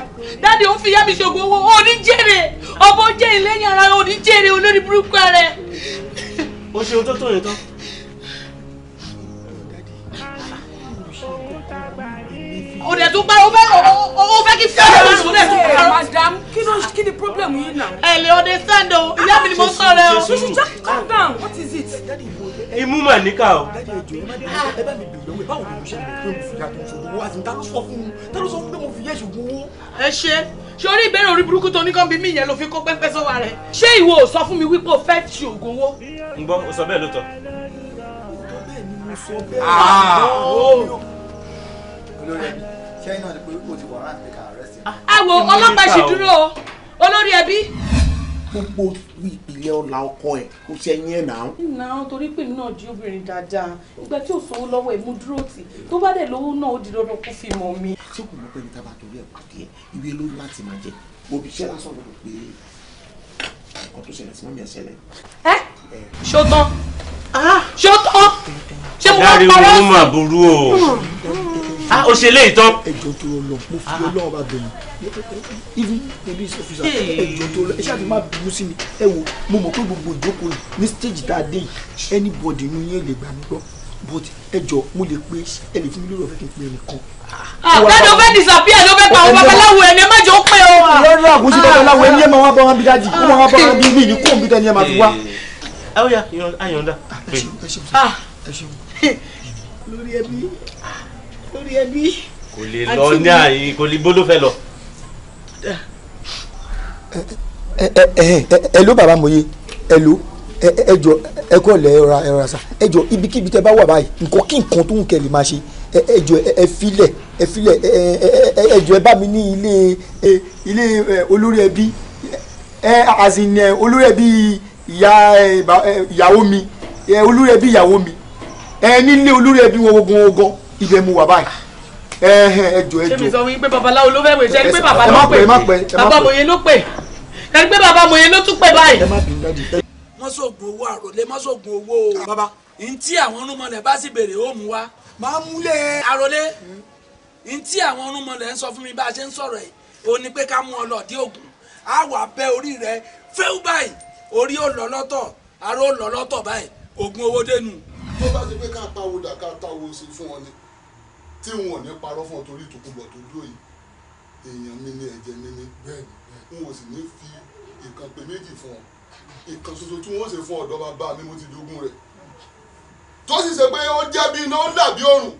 dáàdi ó fi yá ṣògo owó ó jèrè ọbọ jẹ ìlẹ́yìn ara ó jèrè olórí burúkú rẹ. o ṣe ojú yẹn tán. o dẹ̀ tún parọ́ o fẹ́ kí fẹ́ẹ́ lọ sùn dẹ̀ tún parọ́. madam kí ló kí ni problem yìí náà. ẹ lè understand o ìyá mi ni mo sọ rẹ o. calm down what is it imú mà níkà o. dájú ẹjọ ẹ bá mi bèrè lọ́wọ́ ẹ báwo ni mo ṣe lè pé mo fi yàtọ̀ ṣògùn owó àti ta ló sọ fún mi ta ló sọ fún mi pé mo fi yẹ ṣògùn owó. ẹ ṣe sórí ìbéèrè orí burúkú tó nìkan bí mí yẹn ló fi kó pẹ́pẹ́ sọ́wọ́ rẹ̀ ṣé ìwọ ò sọ fún mi wípé o fẹ́ ṣe oògùn owó. ń gbọ́ o sọ bẹ́ẹ̀ lóòótọ́. Ah! olórí ẹbí ṣẹ́yìn náà ni pé o ti wà láti ilé ọ̀la ọkọ ẹ̀ kó sẹ́yìn ẹ̀ náà. náà torí pèmí náà di obìnrin dáadáa ìgbà tí ò lọ́wọ́ ẹ̀ mú dúró tì tó bá dẹ̀ lówó náà ó di dandan kó fi mọ̀ mi. ṣé kò mọ̀ pé mi tábà torí ẹ̀ pàdé ẹ̀ ìwé lórí láti máa jẹ òbí ṣẹ́ lásán lọ́dọ̀ pé nǹkan tó ṣẹlẹ̀ sí mọ́mí ẹ̀ ẹ ṣó tán ṣó tán ṣé mo wá parọ́ sí. dáríwó mà burú o ó hmm. ṣe lé ìtàn. ẹjọ tó lọ mo fi ah, ah. Ọlọ́run bá bẹ̀rẹ̀ even police officer ẹjọ tó lọ ẹṣẹ àti má bínú sí mi ẹ wo mo mọ̀ pé gbogbo ìjókòó ní stage tá a dé yìí anybody inú yẹn lè gbà mí gbọ́ but ẹjọ mo lè pe ẹ lè fún mi lórí ọ̀fẹ́ kí n pe ẹnìkan. àgbàdo ah, fẹ́ disappear ló fẹ́ pa àwọn babaláwo ẹni ẹ má jẹ́ ó pé o. lọ́dọ̀ àgùnṣe babaláwo ẹni ẹ máa wá bá wọn bí dájì ó máa wá bá wọn bí mí ní kóńbí tẹ́ni ẹ máa fi wá. ẹ eh. ó yà ayọ̀ǹda. ẹ ṣeun ẹ ṣeun ẹ ṣeun lórí ẹbí lórí ẹbí. kò lè lọ ní àyè kò lè bó ló fẹ́ lọ. ẹ ló bàbá mòye ẹ ló ẹ jọ ẹ kọ lẹ ẹ ra ẹ ra sa ẹ jọ ibikíbi tẹ bá wà báyìí nǹkan kí nǹkan tó ń kẹ lè máa ṣe ẹ jọ ẹ filẹ̀ ẹ filẹ̀ ẹ jọ ẹ bá mi ní ilé ilé olórí ẹbí ẹ àzìnẹ olórí ẹbí ìyàwó mi olórí ẹbí ìyàwó mi ẹ nílé olórí ẹbí wọn ogun ogun ibẹ̀ mu wà báyìí ẹ ẹ jọ ẹ jọ. ṣé mi sọ wí pé babaláwo ló fẹ́ pè ṣe é pé bàbá ló pè bàbá mòye ló pè ẹ pé bàbá mòye ló tún pè báyìí. má sọ̀gùn owó àròlé má sọ̀gùn owó bàbá ntí àwọn onúmọ̀lẹ̀ bá sì béèrè ó mú wa. máa mú lé. àròlé hmm. ntí àwọn onúmọ̀lẹ̀ ń sọ fún mi bá a ṣe ń sọ̀rọ̀ yìí ó ní pé ká mú ọ lọ dé ògùn á wà bẹ orí rẹ fẹ́ẹ́ báyìí orí ó lọ lọ́tọ̀ àrò ó lọ lọ́tọ̀ báyìí ògùn owó dénú tó bá ṣe pé ká pawódà ká táwo ṣe fún wọn ni tí wọn ò ní parọ́ fún ọ torí ìtòkùnbọ̀ tó dúró yìí èèyàn mi ni ẹ̀jẹ̀ mi ni bẹ́ẹ̀ ni n ò sì ní fi nǹkan pé méjì fún ọ nǹkan ṣoṣo tí wọ́n ṣe fún ọ̀dọ́ bàbá mi mo ti jogún rẹ̀ tó sì ṣe pé ó jẹ́ bí iná ó dàbí òrùn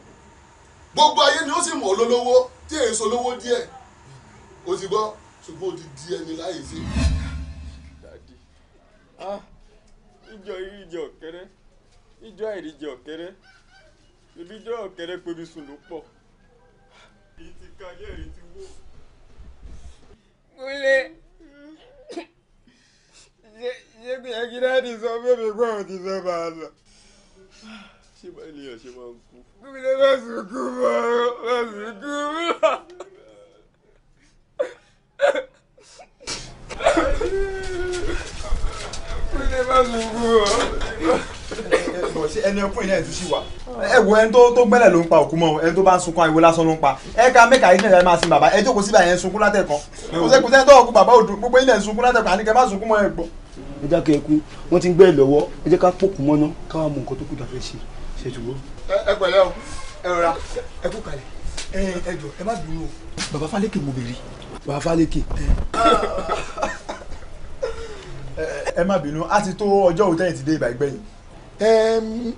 gbogbo ayé ni ó sì mọ̀ lólówó tí èyí so lówó díẹ̀ o ti gbọ́ ṣùgbọ́n o ti di ẹni láyé sí. Ah, ìjọ ìjọ kẹrẹ ìjọ ìrìjẹ ọ̀kẹ́rẹ́ ibi ìjọ ọ̀kẹ́rẹ́ pebi sùn ló pọ̀ èyí ti ka ayé èyí ti wó. kúlẹ̀ ṣé ṣé kí ẹ kí dáàdì sọ bébè gbọ́n ti fẹ́ máa lọ. ṣé bá ènìyàn ṣe máa ń kú. kúlẹ̀ bá sùn kú mọ́ bá sùn kú mọ́ ẹni ọkùnrin náà tún sí wa ẹ wo ẹni tó gbẹ́lẹ̀ ló ń pa òkú mọ́ ẹni tó bá ń sunkún ariwo lásán ló ń pa ẹ ká mẹ́ka yìí náà ẹ máa sin bàbá ẹ jókòó síbà yẹn sunkún látẹ̀kan kò sẹ́kù sẹ́ni tó ọkú bàbá òdù gbogbo yìí náà sunkún látẹ̀kan àníkẹ́ má sunkún mọ́ ẹ gbọ́. ẹ já kẹ ẹkú wọn ti ń gbẹ ẹ lọ́wọ́ ẹ jẹ ká pòkù mọ́ná káwọn mọ nǹkan tó kù dàfẹ́ ṣe ṣe jùlọ. ẹ pẹ̀lẹ́ o ẹ rọra ẹ kú kalẹ̀ ẹ jọ ẹ má bínú o. bàbá Fálékè mo bèrè. bàbá Fálékè. [laughs] ẹ má bínú á ti tó ọjọ́ òtẹ́yìn ti dé ìgbà ìgbẹ́yìn. ẹ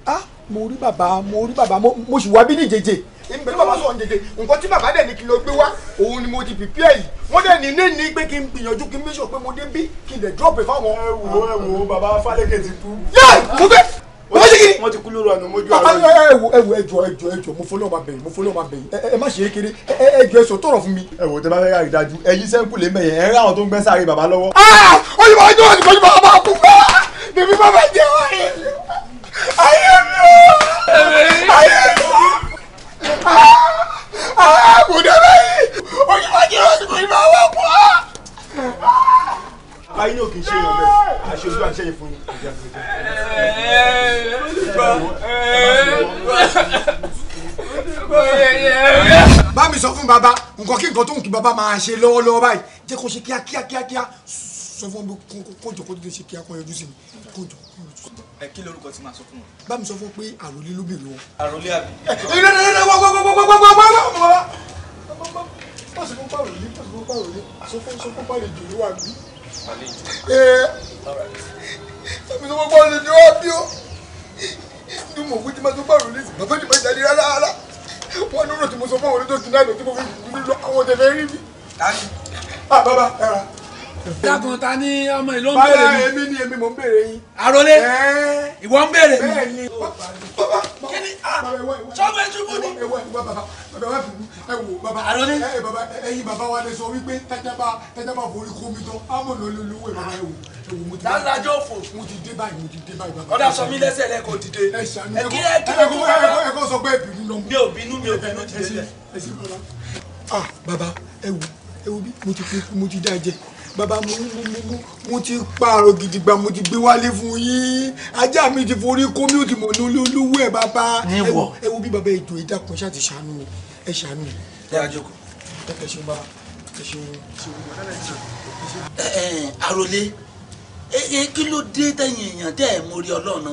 á mo rí bàbá mo rí bàbá mo sì wá bí ní jẹjẹ èmi pẹ̀lú bàbá sọ̀rọ̀ jẹjẹ nǹkan tí bàbá dẹ̀ ní kí n lọ gbé wá òun ni mo ti prepare yìí wọ́n dẹ̀ ní ní ní pé kí n gbìyànjú kí n make sure pé mo dé bí kí n dẹ̀ drop ẹ̀ fáwọn. ẹ wo ẹ wo bàbá Fálẹ́kẹ̀ ti kú. yẹ́ẹ̀ mo gbé wọ́n ṣe kiri. wọ́n ti kú lóru àná mojú ah, àárọ̀ ah, yìí. ẹwọ ah, ẹwọ ẹjọ ẹjọ ẹjọ mo fọlọ́ máa bẹ̀yìn mo fọlọ́ máa bẹ̀yìn ẹ má ṣe é kéré ẹjọ ẹsọ tọrọ fún mi. ẹ wò tẹ bá fẹ́ yára ìdájú ẹyin sẹ́ńkù lè mẹ̀yẹ ẹ rí àwọn tó ń gbẹ́ sáré bàbá lọ́wọ́. oyinbo ọjọ́ òní kojú bàbá máa kú fún wa bá bá jẹ́ wáyé ayé mi o ayé mi o àbùdá báyìí oyinbo ọjọ́ òní kojú bàbá máa kú báyìí ní òkè ṣe yàn bẹ́ẹ̀ àṣẹ ojú àṣẹ yìí fún yín. bá mi sọ fún bàbá nǹkan kí nǹkan tó ń kí bàbá máa ṣe lọ́wọ́lọ́wọ́ báyìí jẹ́ kó ṣe kíá kíá kíá kíá sọ fún mi kóńtò kó tètè ṣe kíá kó yọjú sí mi kóńtò kó yọjú sí mi. ẹ kí lorúkọ tí màá sọ fún wọn. bá mi sọ fún pé àròlé ló bèrè wọn. àròlé àbí. ẹ ẹ ẹ ẹ wá wá wá wá wá wá wá wá wá pàṣẹ fún pàròlé pàṣẹ fún pàròlé sọ fún pàròlé jòló wà bí ẹ̀mí tó gbọ́ ni ni wọ́n bí ó ní mò ń wí tí máa tó bá rò lẹ́sìn bàbá ìdìbò jáde rárá rárá wọ́n ní rò tí mo sọ fún àwọn onídòtí náà lò tí mo fi lọ àwọn ọ̀dẹ̀fẹ̀ rí mi. Ah, bàbá ẹ̀rọ dàgùn ta ni ọmọ ìlú ń béèrè yín. bàbá èmi ni èmi mò ń béèrè yín. àròlé ìwọ ń béèrè mi. bẹ́ẹ̀ ni bàbá kíni sọ́gbẹ́ ṣubú ni. Ah, ẹ wọ bàbá bàbá wà fún ẹ wò bàbá àròlé. ẹ bàbá ẹyin bàbá wa lè sọ wípé tajaba tajaba forí kó mi tán àmọ́ ló ló lówó ẹ bàbá ẹ wò. dáńdájọ́ fò. mo ti dé báyìí mo ti dé báyìí bàbá. ọ̀dà sọ mi lẹ́sẹ̀ lẹ́kọ̀ọ́ dìde. ẹ ṣàánú ẹ kọ́ ẹ kọ́ sọ pé ìbínú lọ. mi ti pé ah, mo ti bàbá mo mo mo mo ti pààrọ̀ gidigba mo ti gbé wálé fún yín ajá mi ti forí kó mi ò ti mọ̀ ní olówó ẹ̀ bàbá ẹ wo bí bàbá ètò ìdàkùn ṣáà ti ṣàánú ẹ ṣàánú mi. ẹ àjọkọ. ẹ ṣeun bàbá ẹ ṣeun ẹ ṣeun. àròlé kí ló dé tẹ̀yìn èèyàn tẹ́ ẹ̀ mórí ọlọ́ọ̀nà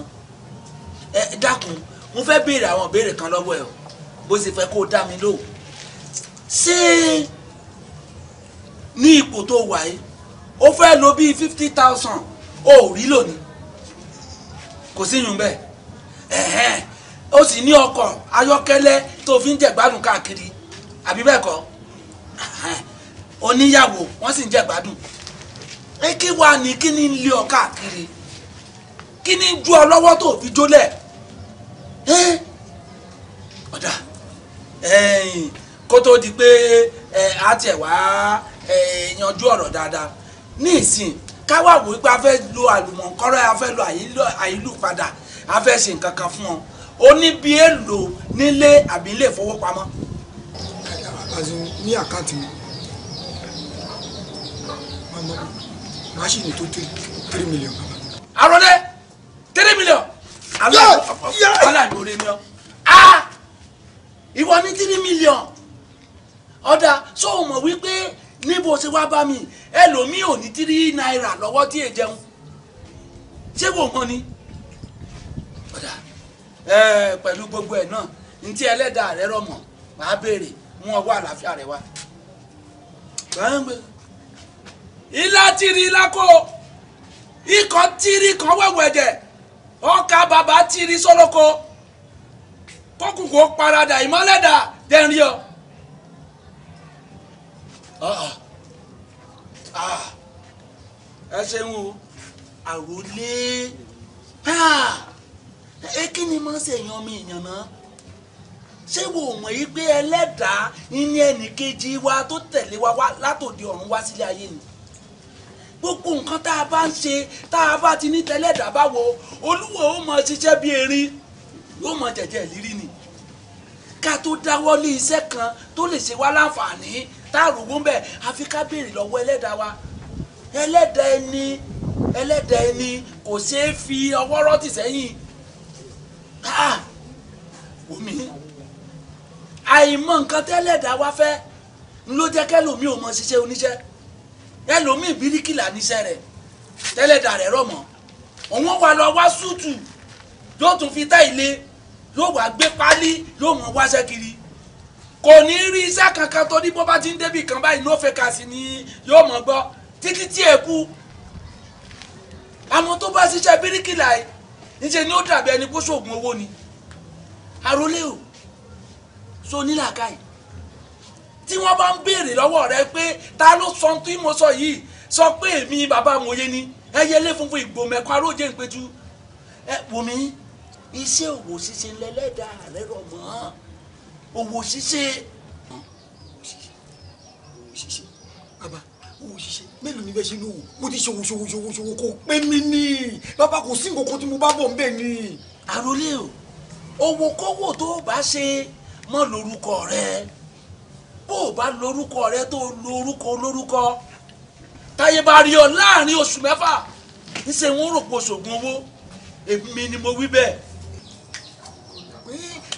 ẹ dákun mo fẹ́ béèrè àwọn béèrè kan lọ́wọ́ ẹ o bó ṣe fẹ́ kó dá mi lò ṣé ní ipò tó wà yìí ó fẹ́ lo bíi fifty thousand ó rí lónìí kò sí yùn bẹ́ẹ̀ ẹ̀hẹ́n ó sì ní ọkọ̀ ayọ́kẹ́lẹ́ tó fi ń jẹ̀gbádùn káàkiri àbí bẹ́ẹ̀ kọ́ oníyàwó wọ́n sì ń jẹ̀gbádùn ẹ kí wàá ní kí ni ń lé ọ káàkiri kí ni ń ju ọ lọ́wọ́ tó fi jólẹ̀ ọ̀dà kó tó di pé a tiẹ̀ wá yanjú ọ̀rọ̀ dáadáa ní ìsìn káwá wò pé a fẹ́ lo àlùmọ̀kọ́rọ́ a fẹ́ lo àyílù padà a fẹ́ ṣe nǹkan kan fún wọn ó ní bí èlò nílé àbí ilé ìfowópamọ́. ní àkáǹtì mi máa ṣì ní tó three million. àròlé three million. aláìgbòrè ni ọ ìwọ ní three million ọ̀dà sọ ò mọ̀ wípé níbo ṣe wá bá mi ẹlòmíì ò ní tírí náírà lọ́wọ́ tí è jẹun ṣé wò mọ́ ni pẹ̀lú gbogbo ẹ̀ náà ntí ẹlẹ́dàá rẹ rọ̀ mọ́ béèrè mú ọwọ́ àlàáfíà rẹ wá. ilá ilá kó ikọ̀ kan wẹ̀wẹ̀ dẹ̀ ọkà bàbá kókùnkùn paradà ìmọ̀lẹ́dà Uh-uh. Ah. ẹ ṣeun o àròlé ẹ kí ni máa ń ṣe èèyàn mi èèyàn náà ṣé wo mọ̀ yí pé ẹlẹ́dàá ní ẹnì kejì wa tó tẹ̀lé wa wá látòdì ọ̀run wá sílé ayé ni gbogbo nǹkan tá a bá ń ṣe tá a bá ti ní tẹ́lẹ̀dàá báwo olúwo ó mọ ṣiṣẹ́ bí erin yóò mọ jẹ̀jẹ̀ lírí ni ká tó dáwọ́ lé iṣẹ́ kan tó lè ṣe wá láǹfààní tá a rògbò ń bẹ̀ àfi ká béèrè lọ́wọ́ ẹlẹ́dàá wa ẹlẹ́dàá ẹni ẹlẹ́dàá ẹni kò ṣeé fi ọwọ́ rọ́tì sẹ́yìn ah, wòmí àìmọ̀ nǹkan tẹ́lẹ̀dàá wa fẹ́ ló jẹ́ kẹ́lòmíì ò mọ ṣiṣẹ́ oníṣẹ́ ẹlòmíì bíríkìlà níṣẹ́ rẹ̀ tẹ́lẹ̀dàá rẹ̀ rọ̀ mọ́ òun wà lọ wá sútù yóò tún fi tá ilé yóò wá gbé pálí yóò mọ wáṣẹ́ kiri kò ní rí iṣẹ́ kankan tó ní bó bá ti ń débì kan báyìí ní òfin kàsí ni yóò mọ̀ gbọ́ títí tí ẹ kú àwọn tó bá ṣiṣẹ́ bíríkìlà yìí níṣẹ́ ni ó dàbí ẹni kó ṣoògùn owó ni àròlé o so nílàkàyè tí wọ́n bá ń béèrè lọ́wọ́ rẹ pé ta ló sọ tí mo sọ yìí sọ pé èmi bàbá mo yé ni ẹyẹlé funfun ìgbòmẹ̀kọ aróòjé ìpẹ́tù ẹ wò mí iṣẹ́ òwò ṣíṣe lẹ́lẹ́dàá rẹ rọ̀ mọ́ ọ́ owó ṣíṣe bàbá owó ṣíṣe mélòó ni bẹ́ẹ̀ ṣe lówó mo ti ṣòwò ṣòwò ṣòwò ṣòwò kò pé mi ní bàbá kò sí nǹkan tí mo bá bọ̀ ń bẹ̀ ni. àròlé o owó kówó tó o bá ṣe mọ lórúkọ rẹ bó o bá lórúkọ rẹ tó lórúkọ lórúkọ táyé bá rí ọ láàrin oṣù mẹ́fà ń ṣe wọn rò pé oṣògùn owó èmi ni mo wí bẹ́ẹ̀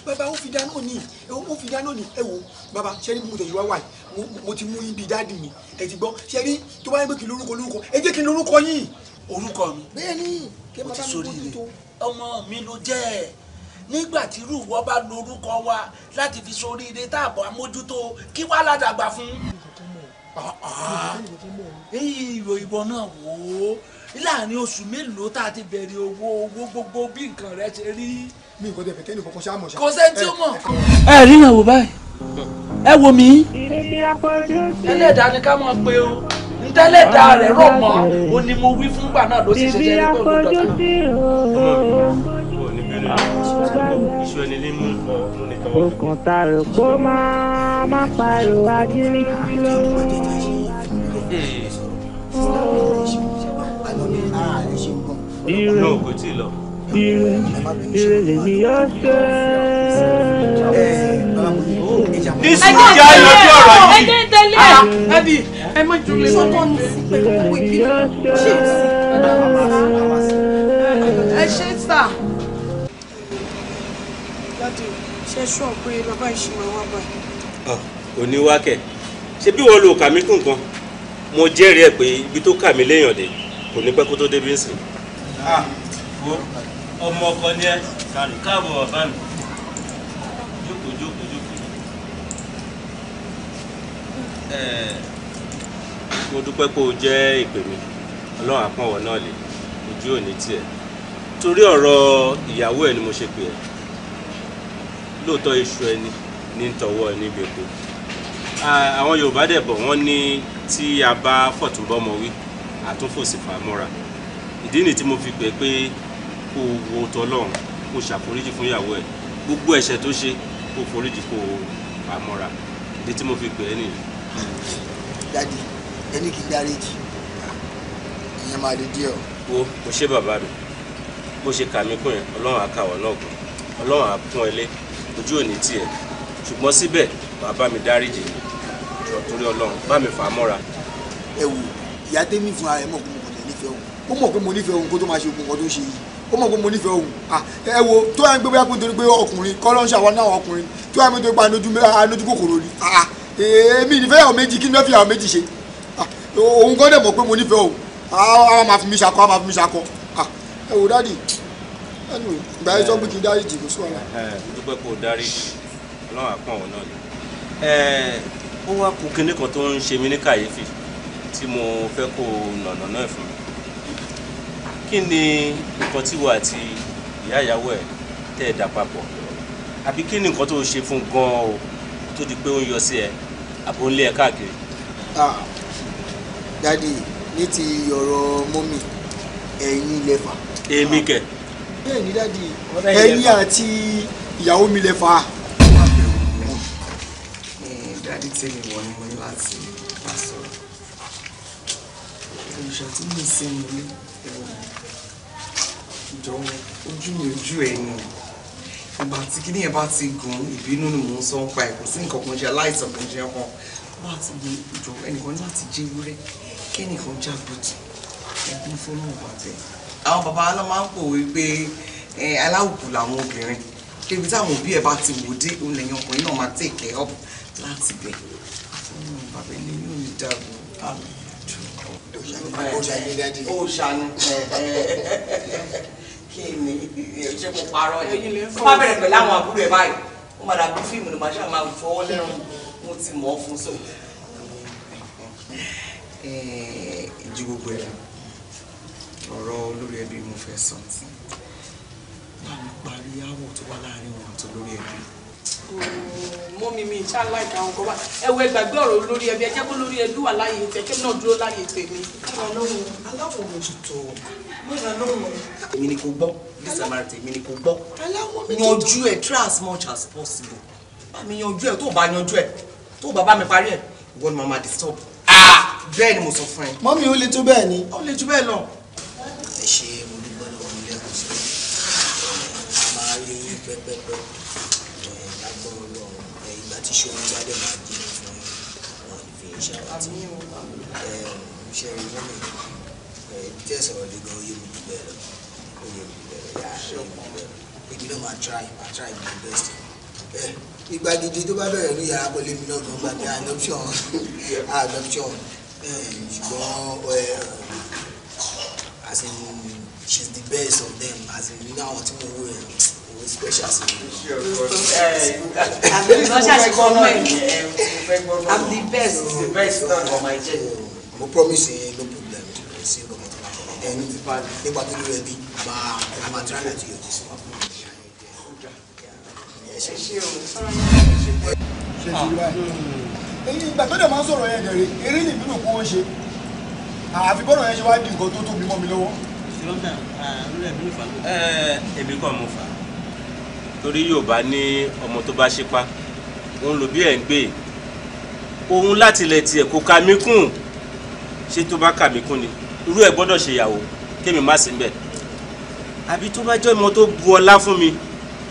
baba o fi dáná ní o fi dáná ní ẹ wo baba ṣe ni mo tẹ̀yìn wá wáyé mo ti mú yín bíi dáàdì mi ẹ ti gbọ́ ṣe rí tó bá yẹ pé kí lórúkọ lórúkọ ẹ jẹ́ kí lórúkọ yín. orúkọ mi bẹ́ẹ̀ni kí bàbá mi kò tó ọmọ mi ló jẹ́ ẹ̀ nígbà tí irú bá lorúkọ wa láti fi soríire tá àbọ̀ àmójútó kí wàá ládàgbà fún. èyí ìrò ìbọ náà wò ó láàrin oṣù mélòó tá a ti bẹ̀rẹ̀ owó owó gbogbo bí nǹkan rẹ ṣe rí mi nǹkan tẹ fẹ́ kẹ́ni kọ́kọ́ ṣáà mọ̀ ṣáà. kò sẹ́ni tí ó mọ̀. ẹ rí ìyàwó báyìí ẹ wo mi. ẹlẹ́dàá ni ká máa pe o ntẹ́lẹ̀dàá rẹ̀ rọ̀ mọ́ o ni mo wí fún gbà náà ló sì ṣẹ̀ṣẹ̀ rí pẹ̀lú dọ́tà. Okùn ta rò kó máa má pariwo ajínigbé lọ́wọ́. Irú ire ire lèmi yóò ṣe. This is the end of your life. Ẹ jẹ́ tẹ́lẹ̀ ẹ̀. Ẹbí ẹ mọ ju lè sọ́kọ́ ní sí pẹ̀lú owó ìbílẹ̀. Ẹ ṣe sà. Dádì, ṣe ṣọ́ pé bàbá ìṣúná wà báyìí. Oníwákẹ̀, ṣé bí wọ́n lo kà mí kún nǹkan? Mo jẹ́rìí ẹ̀ pé ibi tó kà mí léèyàn dé kò ní pẹ́ kó tó débi ń sìn. Ah, wo ọmọ ọkọ ni ẹ kàrí káàbọ̀ bàbá mi jókòó jókòó jókòó ẹ mo dúpẹ́ pé o jẹ́ ìpè mi ọlọ́run àpọ̀wọ̀ náà lè ojú òní tiẹ̀ torí ọ̀rọ̀ ìyàwó ẹ̀ ni mo ṣe pè ẹ́ lóòótọ́ iṣu ẹni ní tọwọ́ ẹ níbi epo àwọn yorùbá dẹ̀ bọ̀ wọ́n ní tí a bá fọ̀túnbọ́mọ wí àtúnfòsì fàmúra ìdí nìyí tí mo fi pè pé kó wo tọlọ́run kó ṣàforíjì fún ìyàwó ẹ̀ gbogbo ẹ̀ṣẹ̀ tó ṣe kó foríjì kó àmọ́ra ìdí tí mo fi pè é nìyí. dadi ẹni kì í dáríjì ìyẹn máa di díẹ̀ o. wo mo ṣe bàbá mi bó ṣe kà mí kún yẹn ọlọ́run àkàwọ̀ náà kún ọlọ́run àpọ́n ẹlé ojú ò ní tiẹ̀ ṣùgbọ́n síbẹ̀ wàá bá mi dáríjì mi torí ọlọ́run bá mi fà á mọ́ra. ẹ wò ìyá tẹ́mi fúnra rẹ̀ mọ̀ pé mo kò tẹ̀ nífẹ̀ẹ́ òun ó mọ̀ pé mo nífẹ̀ẹ́ òun kó tó máa ṣe ogun kan tó ṣe yìí ó mọ̀ pé mo nífẹ̀ẹ́ òun ẹ wo tó yà ń gbé bóyá pé nítorí pé ọkùnrin kọ́lọ́ ń ṣàwọn náà ọkùnrin tó yà ń gbé pa anójú kòkòrò ni èmi nífẹ̀ẹ́ àwọn méjì kí ni wọ́n fi àwọn méjì ṣe òun kọ́ dẹ̀ mọ̀ pé mo nífẹ̀ẹ́ òun àwọn máa fi mi ṣakọ àwọn máa fi mi ṣakọ ẹ wo dáàdì ìgbà yẹn sọ pé kí n dáríjì kò sí wàhálà. mo dúpẹ́ kó o dáríjì ọlọ́run àpọ̀n òun náà ni ó wá kú kinní kan tó ń ṣe mí ní kàyéfì tí mo fẹ́ kó o nànà náà fún mi kí ni nǹkan tí wọ́n àti ìyá ìyàwó ẹ̀ tẹ́ ẹ̀ dà papọ̀ àbí kí ni nǹkan tó ṣe fún gan o tó di pé ó ń yọ sí ẹ àbò ń lé ẹ káàkiri. dadi ní ti ọ̀rọ̀ mọ́mì ẹ̀yin lẹ́fà. èmi kẹ. bẹ́ẹ̀ ni dadi ẹ̀yin àti ìyàwó mi lẹ́fà. dadi tèmi wọ ni mo ní láti bá sọ̀rọ̀ olùṣọ́ tí mi sí mi jọ ojú mi ojú ẹ ni ìgbà tí kíní yẹn bá ti gùn ìbínú ni mò ń sọ ń pa ẹ̀kọ́ sí nǹkan kan ṣe aláìsàn kan ṣe kan bá ti gùn ìjọ ẹnìkan láti jẹ́ ewúrẹ́ kẹ́nìkan jágbọ́tì ẹ̀gbọ́n fọ́nà ọ̀bàtẹ́ àwọn bàbá aláwọ̀ máa ń pòwe pé aláwùkù làwọn obìnrin débi táwọn òbí ẹ̀ bá ti wò dé òun lẹ́yìn ọkùnrin náà máa take care of láti bẹ̀ fọ́nà bàbá ilé yóò ní dàgbò àmì ó ṣàánú kí ni ṣé mo parọ́ ni tó bá bẹ̀rẹ̀ pẹ̀lú àwọn àbúrò ẹ̀ báyìí ó máa dàbí fíìmù ni màá ṣáà máa fọwọ́ lẹ́rùn mo ti mọ̀ ọ́ fún so. ju gbogbo ẹ̀ lọ ọ̀rọ̀ olórí ẹbí mo fẹ́ sọ tí báwo parí áwọ̀ tó wà láàrin òun àti olórí ẹbí. mọ́mí mi ìṣá láìka àwọn kan wá ẹ̀wọ̀ ẹgbàgbé ọ̀rọ̀ olórí ẹbí ẹ jẹ́ kó lórí ẹbí wà láàyè tẹ̀ kí náà dúró láàyè tèmi. ọlọ́run aláwọ̀ mo ti tọ̀ ọ́ èmi ni kò gbọ́ this amount èmi ni kò gbọ́ yanjú ẹ̀ try as much as possible bá mi yanjú ẹ̀ tó o bá yanjú ẹ̀ tó o bá bá mi parí ẹ̀ ìwọ ni màmá disturb ah! bẹ́ẹ̀ ni mo sọ fún ẹ. mọ́mí ó le tó bẹ́ẹ̀ ni. ó le jù bẹ́ẹ̀ lọ. ẹ ṣe mo dúpẹ́ lọ́wọ́ nílé ẹ̀kọ́ sí i máa rí yín pẹ́pẹ́pẹ́ tó lágbọ́n ọlọ́run ẹ ìgbà tí ṣòwò tí máa jẹ́ fún wọn fi ṣe àwọn tí ṣe rí mọ́mí tí ẹ sọ̀rọ̀ lẹ́gàn ó yé mi jù bẹ́ẹ̀ lọ ó yé mi jù lọ yàrá ó mi jù lọ èmi náà máa try máa try my best ẹ eh, ìgbà gidi tó bá bẹ̀rẹ̀ ní yàrá pẹ̀lú èmi náà gbọ́ngbà ní adoption [laughs] adoption eh, ṣùgbọ́n eh, as in she's the best of them as in nínú àwọn tí mo wò yẹn òwe special sí mi. I'm the best. I'm the best. I'm the best. the best. I'm the best. mo promise ẹni ti pa nípa tó lórí ẹbí àbá ẹni máa tíra láti yọjú sí wa. ṣe ṣe o sọ̀rọ̀ yẹn ṣe pẹ́. ṣe ti wá èyí ìgbà tó dẹ̀ máa ń sọ̀rọ̀ yẹn dẹ̀rẹ̀ eré ní ìbínú kó ń ṣe àfi bọ́dọ̀ yẹn ṣe wá di nǹkan tó tóbi mọ́ mi lọ́wọ́. èmi kàn mo fà á torí Yorùbá ní ọmọ tó bá ṣípá òun ló bí ẹ̀ ń gbé òun láti lẹ̀ tiẹ̀ kó ka mí kùn ṣé tó bá kà mí kùn ni irú ẹ̀ gbọ́dọ̀ ṣèyàwó kémi má sí bẹ́ẹ̀ àbí tó bá jẹ́ ìmọ tó bu ọlá fún mi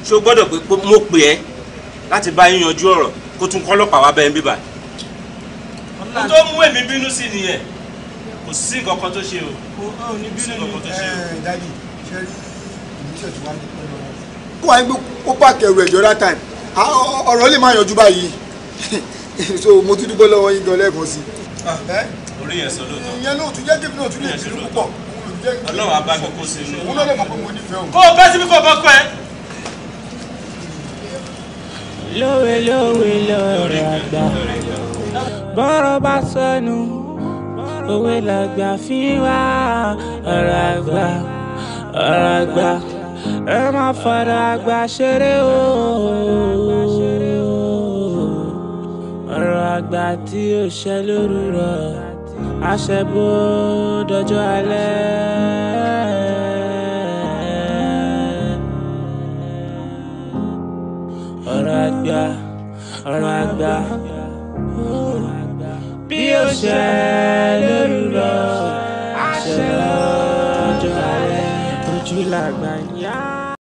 ṣé o gbọ́dọ̀ pé mo pè ẹ́ láti bá yín yanjú ọ̀rọ̀ kó tún kọ́ ọlọ́pàá wá bẹ́ẹ̀ bíbà. ohun tó mú èmi bínú sí nìyẹn kò sí nǹkan kan tó ṣe o o sí nǹkan kan tó ṣe o. dadi ṣe rí ìmúṣẹ̀ tí wàá ní pẹ̀lú ọ̀rọ̀. kó wàá gbé kó pààkì ẹrù ẹ̀jọ̀ rá táìmù ọ̀rọ̀ lè má yanjú báyìí [laughs] so mo tún dúpẹ́ lọ́wọ́ yín gan lẹ́ẹ̀kan sí i. Ah ló yẹ sọ lóòótọ́. ìyẹn ló tún jẹ́ kí náà tún lè bínú púpọ̀. ọlọ́run á bá mi kó sí inú. òun ló mọ̀ pé mo nífẹ̀ẹ́ òun. kó o bẹ́ síbi kó o bọ́ pẹ́. lówe lówe lórí àgbà bọ́rọ̀ bá sọnù òwe làgbà fi wá ọ̀rọ̀ àgbà ọ̀rọ̀ àgbà ẹ má fọ̀rọ̀ àgbà ṣeré o ọ̀rọ̀ àgbà tí ó ṣẹ lóru aṣẹ́bó dọjọ́ alẹ́. ọ̀rọ̀ àgbà ọ̀rọ̀ àgbà bí ó ṣe lórí lọ aṣẹ́ lọ́jọ́ alẹ́ ojú làgbà